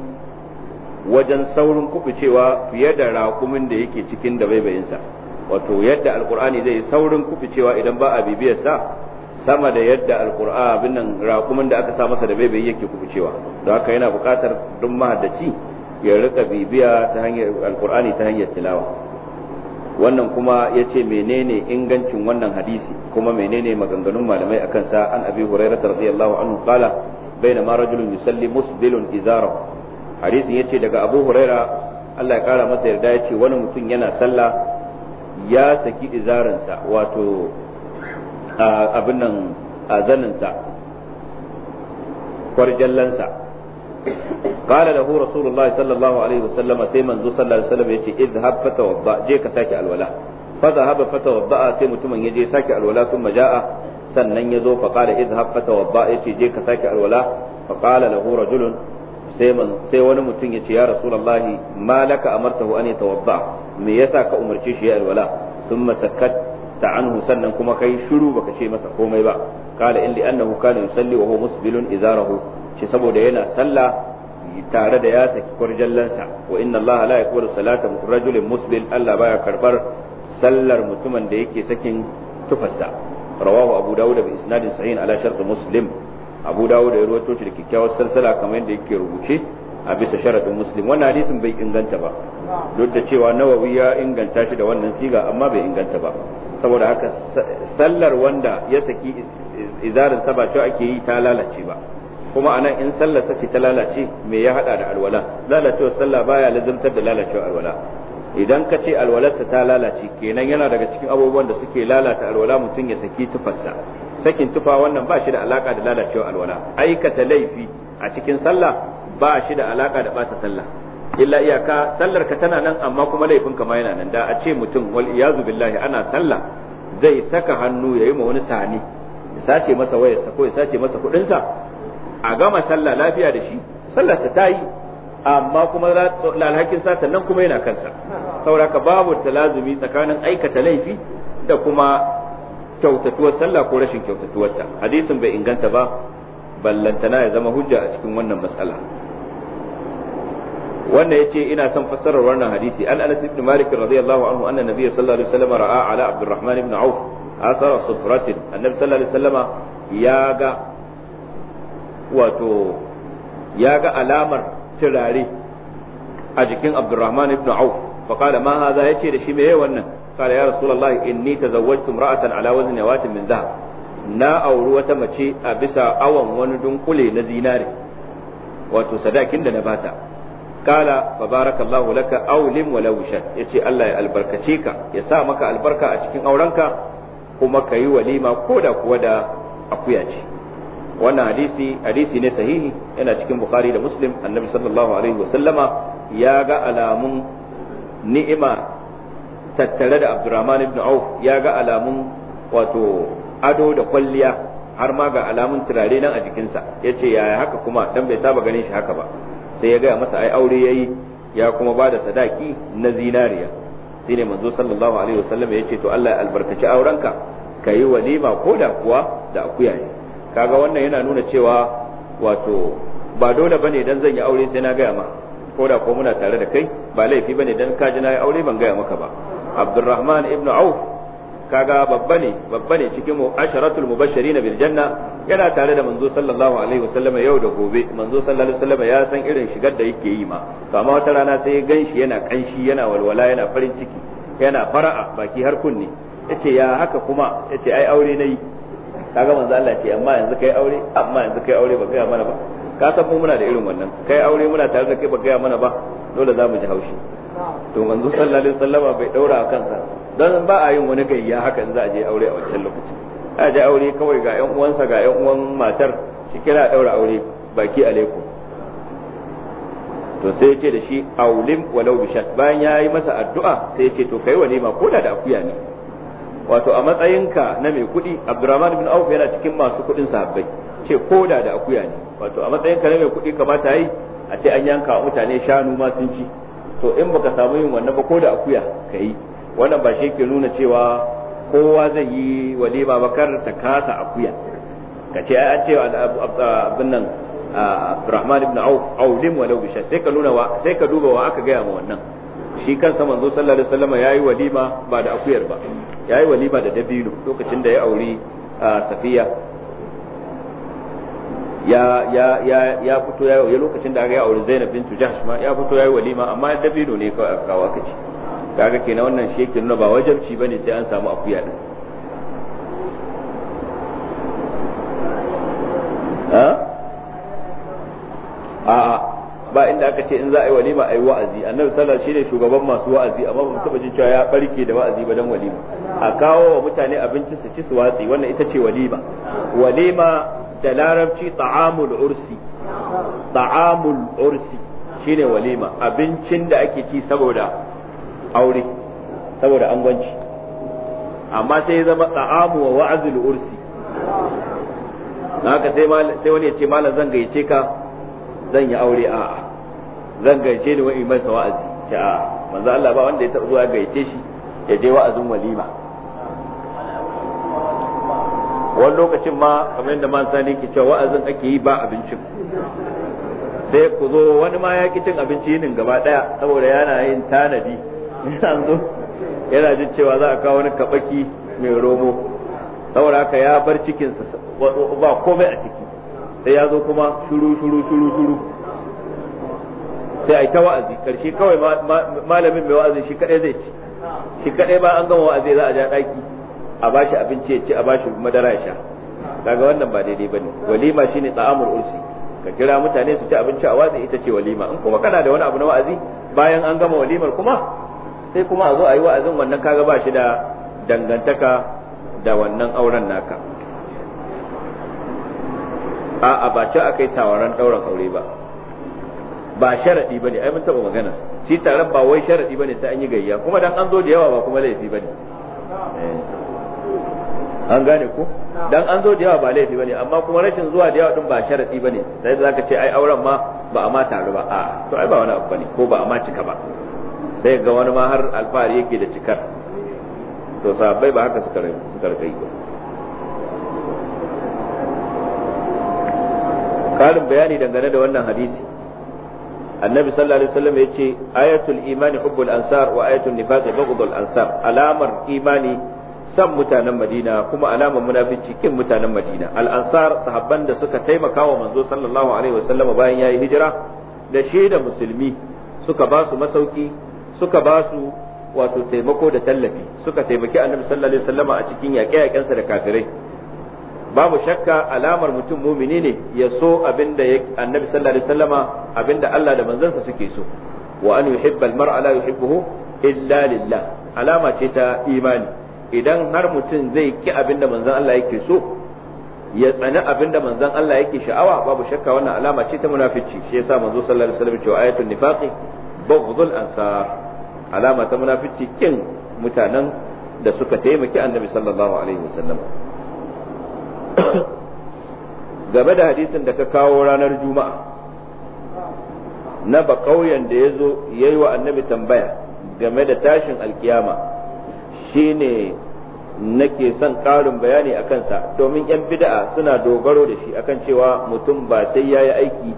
wajen saurin kuɓucewa fiye da raƙumin da yake cikin da baibayinsa wato yadda alkur'ani zai yi saurin kuficewa idan ba a bibiyar sa sama da yadda alkur'ani abin nan raƙumin da aka sa masa da baibayi yake kuficewa don haka yana buƙatar duk mahaddaci ya rika bibiya ta hanyar alkur'ani ta hanyar tilawa wannan kuma ya ce menene ingancin wannan hadisi kuma menene maganganun malamai akan sa an abi hurairah radiyallahu anhu kala qala بينما رجل يصلي مسبل hadisin ya ce daga Abu Huraira Allah ya kara masa yarda yace wani mutum yana sallah ya saki izarinsa wato abin nan zaninsa kwarjallansa قال له رسول الله صلى الله عليه وسلم سيما زو صلى الله عليه وسلم يجي اذهب فتوضا جي كساكي الولاء فذهب فتوضا سي متمن يجي ساكي الولاء ثم ja'a sannan ya zo faƙala idhab fatawadda ya ce je ka sake alwala faƙala lahu rajulun sai wani mutum ya ce ya rasulullahi malaka amartahu an yatawadda me yasa ka umarce shi ya alwala thumma sakatta anhu sannan kuma kai shiru baka ce masa komai ba qala in li annahu kana yusalli wa huwa musbilun izarahu shi saboda yana sallah tare da ya saki kwarjallansa wa inna allaha la yaqbalu salata rajulin musbil Allah baya karbar sallar mutumin da yake sakin tufarsa rawahu abu dawud bi isnadin sahih ala shart muslim abu dawo da rawaito shi da kyakkyawar sarsala kamar yadda yake rubuce a bisa sharadin muslim wannan hadisin bai inganta ba duk da cewa nawawi ya inganta shi da wannan siga amma bai inganta ba saboda haka sallar wanda ya saki izarin ba cewa ake yi ta lalace ba kuma anan in sallar sace ta lalace me ya hada da alwala lalacewar sallah baya lazimtar da lalacewar alwala idan ka ce alwalarsa ta lalace kenan yana daga cikin abubuwan da suke lalata alwala mutum ya saki tufarsa sakin tufa wannan ba shi da alaka da lalacewa alwala aikata laifi a cikin sallah ba shi da alaka da bata sallah illa iyaka sallar ka tana nan amma kuma laifin ka ma yana nan da a ce mutum wal iyazu billahi ana sallah zai saka hannu yayi ma wani sani ya sace masa wayarsa ko ya sace masa kudin sa a gama sallah lafiya da shi sallar sa ta yi amma kuma alhakin sata nan kuma yana kansa saboda babu talazumi tsakanin aikata laifi da kuma kyautatuwar sallah ko rashin kyautatuwarta hadisin bai inganta ba ballantana ya zama hujja a cikin wannan matsala wannan ya ce ina son fassarar wannan hadisi an Anas ibn Malik radiyallahu anhu anna nabiyyi sallallahu alaihi wasallam ra'a ala Abdurrahman ibn Auf athara sufratin annabi sallallahu alaihi wasallam ya ga wato ya ga alamar turare a jikin Abdurrahman ibn Auf fa qala ma hadha yace da shi meye wannan قال يا رسول الله إني تزوجت امرأة على وزن وات من ذهب na auri wata mace a bisa awon wani dunkule na zinari. wato sadakin da na bata kala barakallahu laka aulim wa lawishan yace Allah ya albarkace ka ya sa maka albarka a cikin aurenka kuma ka yi walima ko da kuwa da akuyaci. wannan hadisi hadisi ne sahihi yana cikin bukhari da muslim annabi sallallahu alaihi wa sallama ya ga alamun ni'ima tattare da abdurrahman ibn auf ya ga alamun wato ado da kwalliya har ma ga alamun turare nan a jikinsa ya ce yaya haka kuma dan bai saba ganin shi haka ba sai ya gaya masa ai aure ya yi ya kuma ba da sadaki na zinariya sai ne manzo sallallahu alaihi wasallam ya ce to Allah ya albarkaci aurenka ka yi walima ko da kuwa da akuya ne kaga wannan yana nuna cewa wato ba dole bane dan zan yi aure sai na gaya ma ko da ko muna tare da kai ba laifi bane dan ka ji na yi aure ban gaya maka ba abdurrahman ibn auf kaga babba ne babba ne cikin mu asharatul mubashirin bil janna yana tare da manzo sallallahu alaihi wasallam yau da gobe manzo sallallahu alaihi wasallam ya san irin shigar da yake yi ma to amma wata rana sai ya ganshi yana kanshi yana walwala yana farin ciki yana fara'a baki har kunne yace ya haka kuma yace ai aure nayi kaga manzo Allah ce amma yanzu kai aure amma yanzu kai aure ba gaya mana ba ka san mu muna da irin wannan kai aure muna tare da kai ba gaya mana ba dole za mu ji haushi to manzo sallallahu alaihi wasallama bai daura a kansa dan ba a yin wani gayya haka in za a je aure a wancan lokaci a je aure kawai ga ƴan uwansa ga ƴan uwan matar shi kira daura aure baki alaikum to sai ya ce da shi aulim walau bishat bayan ya yi masa addu'a sai ya ce to kai walima ko da da akuya ne wato a matsayinka na mai kuɗi abdurrahman bin auf yana cikin masu kuɗin sahabbai ce ko da da akuya ne wato a matsayinka na mai kuɗi kamata yi a ce an yanka mutane shanu ma sun ci to in baka samu yin wannan ba ko da akuya ka yi wannan ba shi ke nuna cewa kowa zai yi walima ba kar ta kasa akuya ka ce an ce abin nan Abdurrahman ibn Auf aulim walau bisha sai ka nuna wa sai ka duba wa aka gaya ma wannan shi kansa manzo sallallahu alaihi wasallam yayi walima ba da akuyar ba yayi walima da dabino lokacin da ya auri safiya ya ya ya ya fito ya ya lokacin da aka ya aure Zainab bintu Jahsh ma ya fito yayi walima amma dabino ne kawai aka kawo aka kaga kenan wannan shi nuna ba wajabci bane sai an samu akuya din a ba inda aka ce in za a yi walima a yi wa'azi annabi sallah shi ne shugaban masu wa'azi amma ba taba jin cewa ya barke da wa'azi ba dan walima a kawo wa mutane abinci su ci su watsi wannan ita ce walima walima da larabci ta'amul ursi ta'amul ursi shine walima abincin da ake ci saboda aure saboda angwanci amma sai ya zama ta'amu wa wa'azul ursi haka sai sai wani ya ce malam zan gayyace ka zan yi aure a'a zan gayyace ni wa'i masa wa'azi ta a'a manzo Allah ba wanda ya taɓa zuwa gayyace shi ya je wa'azin walima wani lokacin ma kamar yadda man sani ke cewa wa'azin ake yi ba abincin sai ku zo wani ma ya ki cin abinci yinin gaba daya saboda yana yin tanadi yana zo yana jin cewa za a kawo wani kabaki mai romo saboda haka ya bar cikinsa ba komai a ciki sai ya zo kuma shuru shuru shuru shuru sai a yi ta wa'azi karshe kawai malamin mai wa'azi shi kadai zai ci shi kadai ba an gama wa'azi za a ja daki a bashi abinci ya ci a bashi madara ya sha kaga wannan ba daidai bane walima shine ta'amul ursi ka kira mutane su ci abinci a watsi ita ce walima in kuma kana da wani abu na wa'azi bayan an gama walimar kuma sai kuma a zo a yi wa'azin wannan kaga ba shi da dangantaka da wannan auren naka a a ba ce akai tawaran dauran aure ba ba sharadi bane ai mun taba magana shi taron ba wai sharadi bane sai an yi gayya kuma dan an zo da yawa ba kuma laifi bane eh. an gane ko dan an zo da yawa ba laifi bane amma kuma rashin zuwa da yawa din ba sharadi bane sai zaka ce ai auren ma ba a ma taru ba a to ai ba wani abu bane ko ba a ma cika ba sai ga wani ma har alfahari yake da cikar to sahabbai ba haka suka suka rikai ba karin bayani dangane da wannan hadisi annabi sallallahu alaihi wasallam ya ce ayatul imani hubbul ansar wa ayatul nifaqi baghdul ansar alamar imani san mutanen madina kuma alamar munafici kin mutanen madina al-ansar sahabban da suka taimaka wa manzo sallallahu alaihi wasallam bayan yayi hijira da shi da musulmi suka ba su masauki suka ba su wato taimako da tallafi suka taimaki annabi sallallahu alaihi wasallam a cikin yaƙe-yaƙensa da kafirai babu shakka alamar mutum mumini ne ya so abinda annabi sallallahu alaihi wasallama abinda Allah da manzansa suke so wa an yuhibba al-mar'a la yuhibbuhu illa lillah alama ce ta imani idan har mutum zai ki abinda manzon Allah yake so ya tsani abinda manzon Allah yake sha'awa babu shakka wannan alama ce ta munafici shi yasa manzo sallallahu alaihi wasallam cewa ayatul nifaqi baghdul ansar alama ta munafici kin mutanen da suka taimaki annabi sallallahu alaihi wasallam game da hadisin da ka kawo ranar juma'a na ba kauyen da ya zo ya yi wa annabi tambaya game da tashin alkiyama ne nake son ƙarin bayani a kansa domin 'yan bid'a suna dogaro da shi akan cewa mutum ba sai ya yi aiki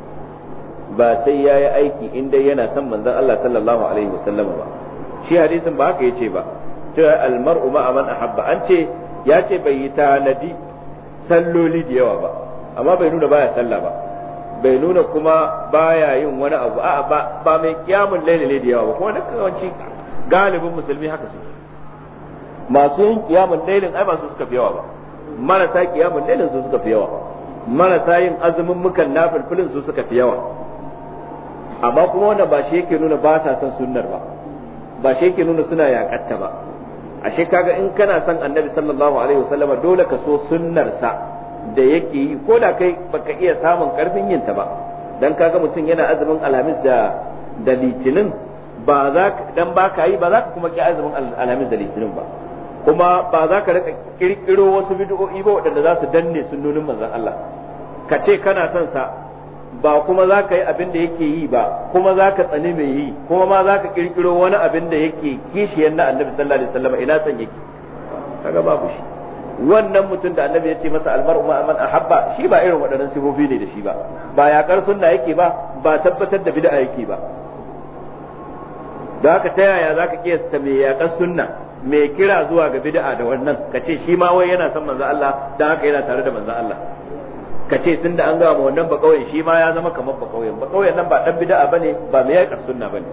ba sai ya yi aiki inda yana son manzon Allah sallallahu alaihi wasallam ba shi hadisin ba haka yace ba cewa almar'u ma'a man ahabba an ce ya ce bai yi tanadi salloli da yawa ba amma bai nuna baya sallah ba bai nuna kuma baya yin wani abu a ba mai kiyamun ne da yawa ba kuma dukkan galibin musulmi haka suke masu yin kiyamun lailin ai ba su suka fi yawa ba marasa kiyamun lailin su suka fi yawa marasa yin azumin mukan na su suka fi yawa amma kuma wanda ba shi yake nuna ba sa son sunnar ba ba shi yake nuna suna yakatta ba ashe kaga in kana son annabi sallallahu alaihi wasallam dole ka so sa da yake yi ko da kai baka iya samun karfin yin ta ba dan kaga mutum yana azumin alhamis da da litinin ba za dan ba ka yi ba za ka kuma ki azumin alhamis da litinin ba kuma ba za ka rika kirkiro wasu bid'o'i ba waɗanda za su danne sunnonin manzon Allah ka ce kana son sa ba kuma za ka yi abin da yake yi ba kuma za ka tsani mai yi kuma ma za ka kirkiro wani abin da yake kishiyar na annabi sallallahu alaihi wasallam ina son yake kaga babu shi wannan mutum da annabi ya ce masa almar'u ma man ahabba shi ba irin waɗannan sifofi ne da shi ba ba yaƙar sunna yake ba ba tabbatar da bid'a yake ba da haka ta yaya za ka kiyasta mai yaƙar sunna mai kira zuwa ga bid'a da wannan ka ce shi ma wai yana son manzo Allah dan haka yana tare da manzo Allah ka ce tun da an gama wannan ba kawai shi ma ya zama kamar ba kawai ba kawai nan ba dan bid'a bane ba mai yaƙar sunna bane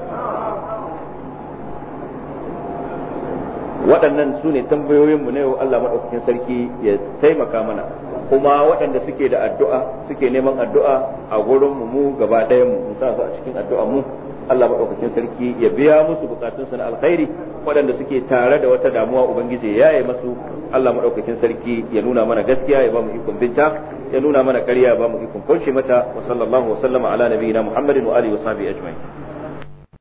waɗannan su ne tambayoyin mu na yau Allah madaukakin sarki ya taimaka mana kuma waɗanda suke da addu'a suke neman addu'a a gurin mu mu gaba ɗayan mu mu sa su a cikin addu'a mu Allah maɗaukakin sarki ya biya musu bukatunsu na alkhairi waɗanda suke tare da wata damuwa ubangiji ya yi masu Allah maɗaukakin sarki ya nuna mana gaskiya ya ba mu ikon binta ya nuna mana karya ya ba mu ikon kauce mata wa sallallahu wa sallama ala nabiyina Muhammadin wa alihi wa sahbihi ajma'in